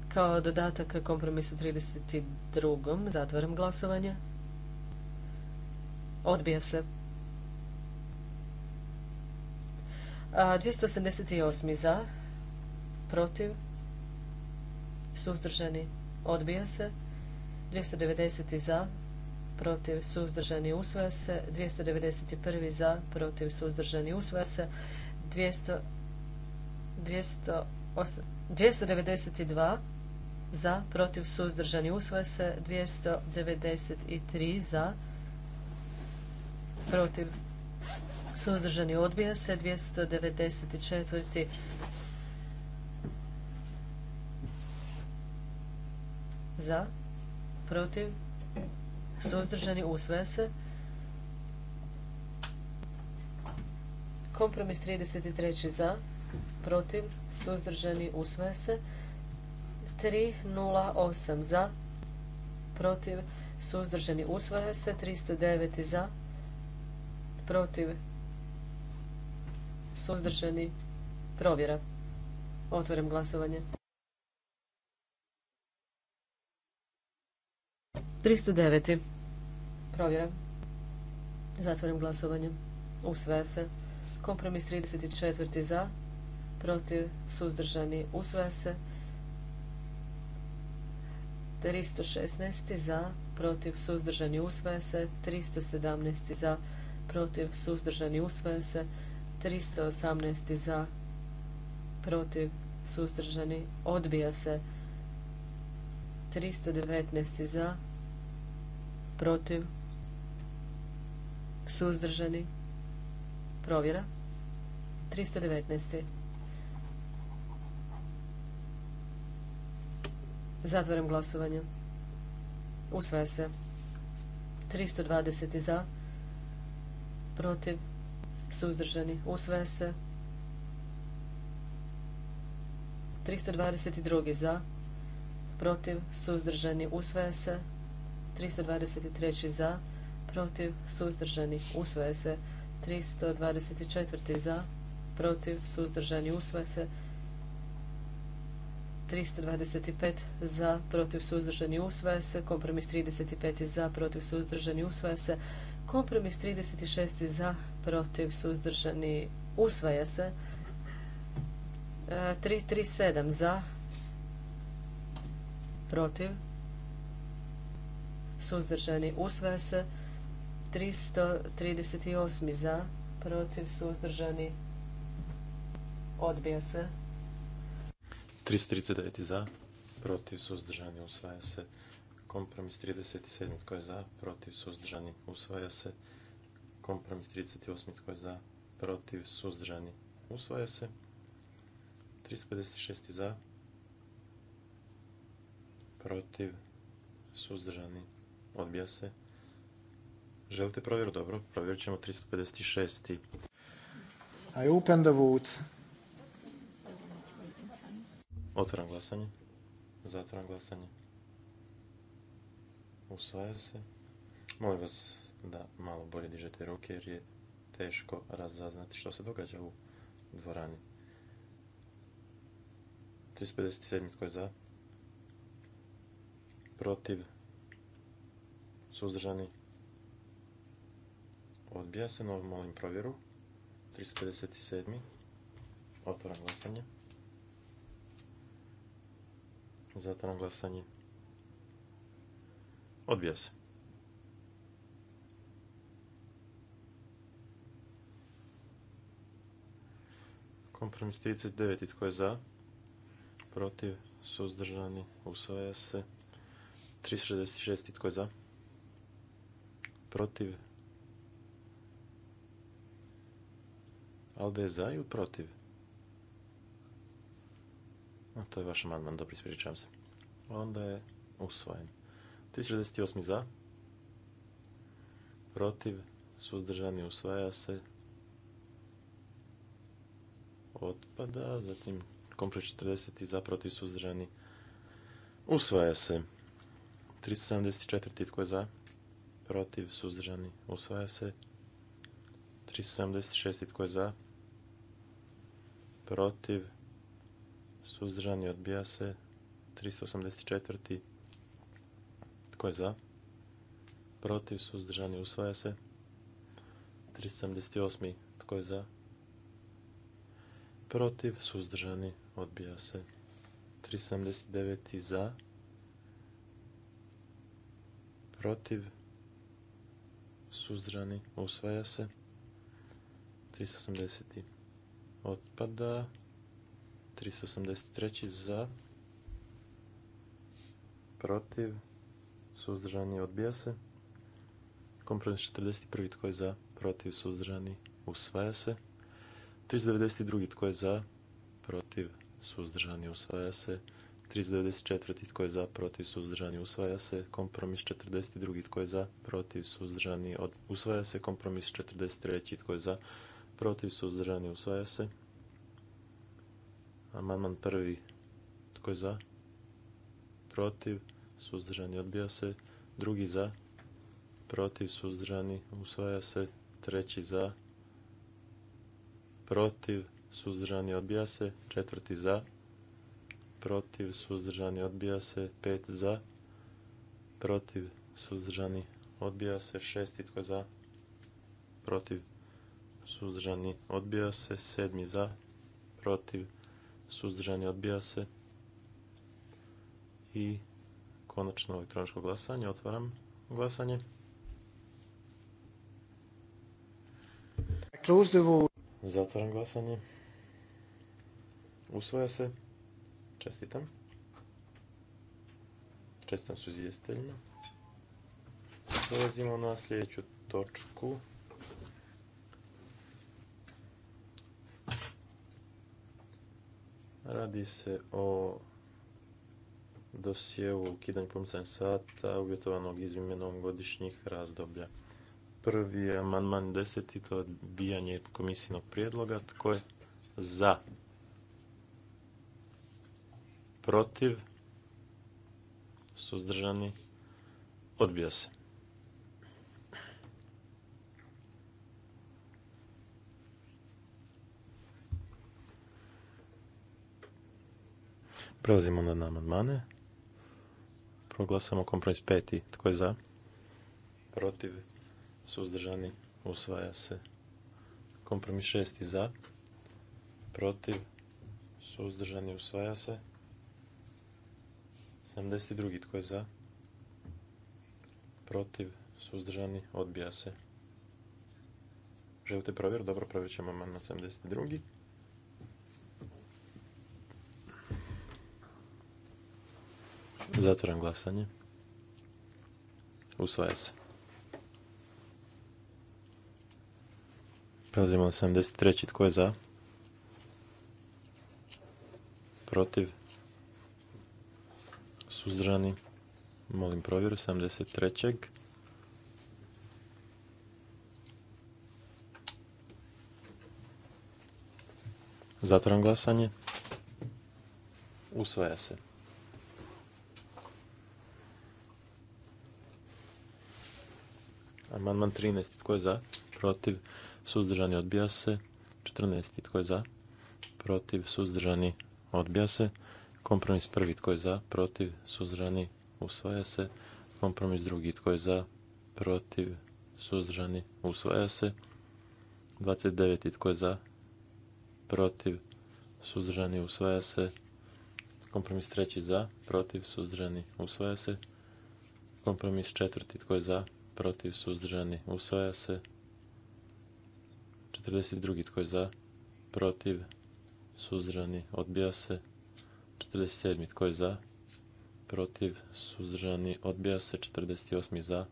Kao dodatak kompromisu 32. zatvorem glasovanje. Odbija se. 288. za, protiv, suzdržani, odbija se. 290. za, protiv, suzdržani, usvaja se. 291. za, protiv, suzdržani, usvaja se. 200, 292 za, protiv, suzdržani, usvaja se. 293 za, protiv, suzdržani, odbija se. 294 za, protiv, suzdržani, usve se. Kompromis 33 za, protiv, suzdržani, usve se. 308 za, protiv, suzdržani, usvaja se. 309 za, protiv, suzdržani, provjera. otvorim glasovanje. 309. Provjera. Zatvorim glasovanje. Usvaja se. Kompromis 34. za. Protiv. Suzdržani. Usvaja se. 316. za. Protiv. Suzdržani. Usvaja se. 317. za. Protiv. Suzdržani. Usvaja se. 318. za. Protiv. Suzdržani. Odbija se. 319. za protiv, suzdržani, provjera. 319. Zatvaram glasovanje. Usvaja se. 320 za, protiv, suzdržani, usvaja se. 322 za, protiv, suzdržani, usvaja se. 323. za, protiv, suzdržani, usvaja se. 324. za, protiv, suzdržani, usvoje se. 325 za, protiv, suzdržani, usvaja se. Kompromis 35 za, protiv, suzdržani, usvaja se. Kompromis 36 za, protiv, suzdržani, usvaja se. 337 e, za, protiv, suzdržani, usvaja se. 338. za, protiv, suzdržani, odbija se. 339. za, protiv, suzdržani, usvaja se. Kompromis 37. tko je za, protiv, suzdržani, usvaja se. Kompromis 38. tko je za, protiv, suzdržani, usvaja se. 356. za, protiv, suzdržani, Odbija se. Želite provjeru? Dobro. Provjerit ćemo 356. I open the vote. Otvaram glasanje. Zatvaram glasanje. Usvaja se. Molim vas da malo bolje dižete ruke jer je teško razaznati što se događa u dvorani. 357. Tko je za? Protiv? suzdržani, odbija se, no molim provjeru, 357. Otvaram glasanje. Zatvaram glasanje. Odbija se. Kompromis 39. Tko je za? Protiv? Suzdržani? Usvaja se. 366. Tko je za? protiv? da je za ili protiv? A, to je vaš amandman, dobro, ispričavam se. Onda je usvojen. 368 za. Protiv. Suzdržani usvaja se. Otpada. Zatim komplet 40 za. Protiv. Suzdržani usvaja se. 374. Tko je za? protiv, suzdržani, usvaja se. 376 tko je za, protiv, suzdržani, odbija se. 384 tko je za, protiv, suzdržani, usvaja se. 378 tko je za, protiv, suzdržani, odbija se. 379 za, protiv, suzdržani, usvaja se. 380. otpada. 383. za, protiv, suzdržani, odbija se. Kompromis 41. tko je za, protiv, suzdržani, usvaja se. 392. tko je za, protiv, suzdržani, usvaja se. 394. Tko je za? Protiv? Suzdržani? Usvaja se. Kompromis 42. Tko je za? Protiv? Suzdržani? Usvaja se. Kompromis 43. Tko je za? Protiv? Suzdržani? Usvaja se. Amandman prvi. Tko je za? Protiv? Suzdržani? Odbija se. Drugi za? Protiv? Suzdržani? Usvaja se. Treći za? Protiv? Suzdržani? Odbija se. Četvrti za? protiv, suzdržani, odbija se. 5 za, protiv, suzdržani, odbija se. šest, tko za, protiv, suzdržani, odbija se. 7 za, protiv, suzdržani, odbija se. I konačno elektroničko glasanje. Otvaram glasanje. Zatvaram glasanje. usvoja se. Čestitam. Čestitam su izvjestiteljima. Prelazimo na sljedeću točku. Radi se o dosjeu ukidanju pomicanja sata uvjetovanog izmjenom godišnjih razdoblja. Prvi je amandman deseti, to je odbijanje komisijnog prijedloga. Tko je za? protiv, suzdržani, odbija se. Prelazimo onda na amandmane. Proglasamo kompromis peti. Tko je za? Protiv, suzdržani, usvaja se. Kompromis šesti za, protiv, suzdržani, usvaja se. 72. Tko je za? Protiv? Suzdržani? Odbija se. Želite provjeru? Dobro, provjerit ćemo na 72. Zatvaram glasanje. Usvaja se. Prelazimo na 73. Tko je za? Protiv? suzdržani. Molim provjeru 73. Zatvaram glasanje. Usvaja se. Amandman 13. Tko je za? Protiv. Suzdržani odbija se. 14. Tko je za? Protiv. Suzdržani odbija se. Kompromis prvi tko je za, protiv, suzdržani, usvaja se. Kompromis drugi tko je za, protiv, suzdržani, usvaja se. 29. tko je za, protiv, suzdržani, usvaja se. Kompromis treći za, protiv, suzdržani, usvaja se. Kompromis četvrti tko je za, protiv, suzdržani, usvaja se. 42. tko je za, protiv, suzdržani, odbija se. 47. Tko je za? Protiv. Suzdržani. Odbija se. 48. Za.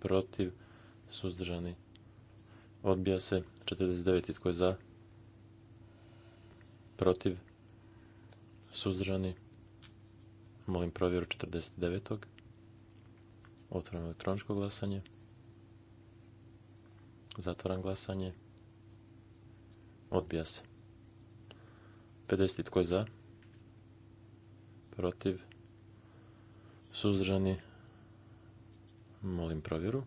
Protiv. Suzdržani. Odbija se. 49. Tko je za? Protiv. Suzdržani. Molim provjeru 49. Otvorim elektroničko glasanje. Zatvaram glasanje. Odbija se. 50. Tko je za? protiv, suzdržani, molim provjeru.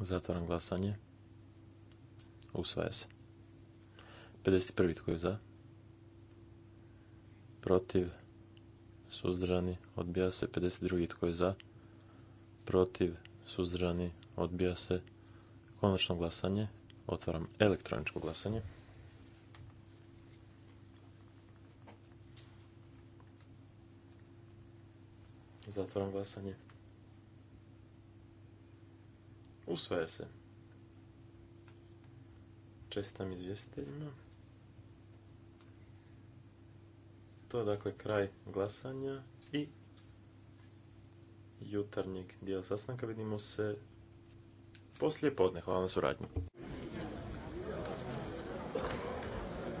Zatvaram glasanje. Usvaja se. 51. tko je za? Protiv. suzdrani, Odbija se. 52. tko je za? Protiv. suzdrani, Odbija se. Konačno glasanje. Otvaram elektroničko glasanje. Zatvaram glasanje. Usvaja se. Čestam izvjestiteljima. To je dakle kraj glasanja i jutarnjeg dijela sastanka. Vidimo se poslije podne. Hvala na suradnju.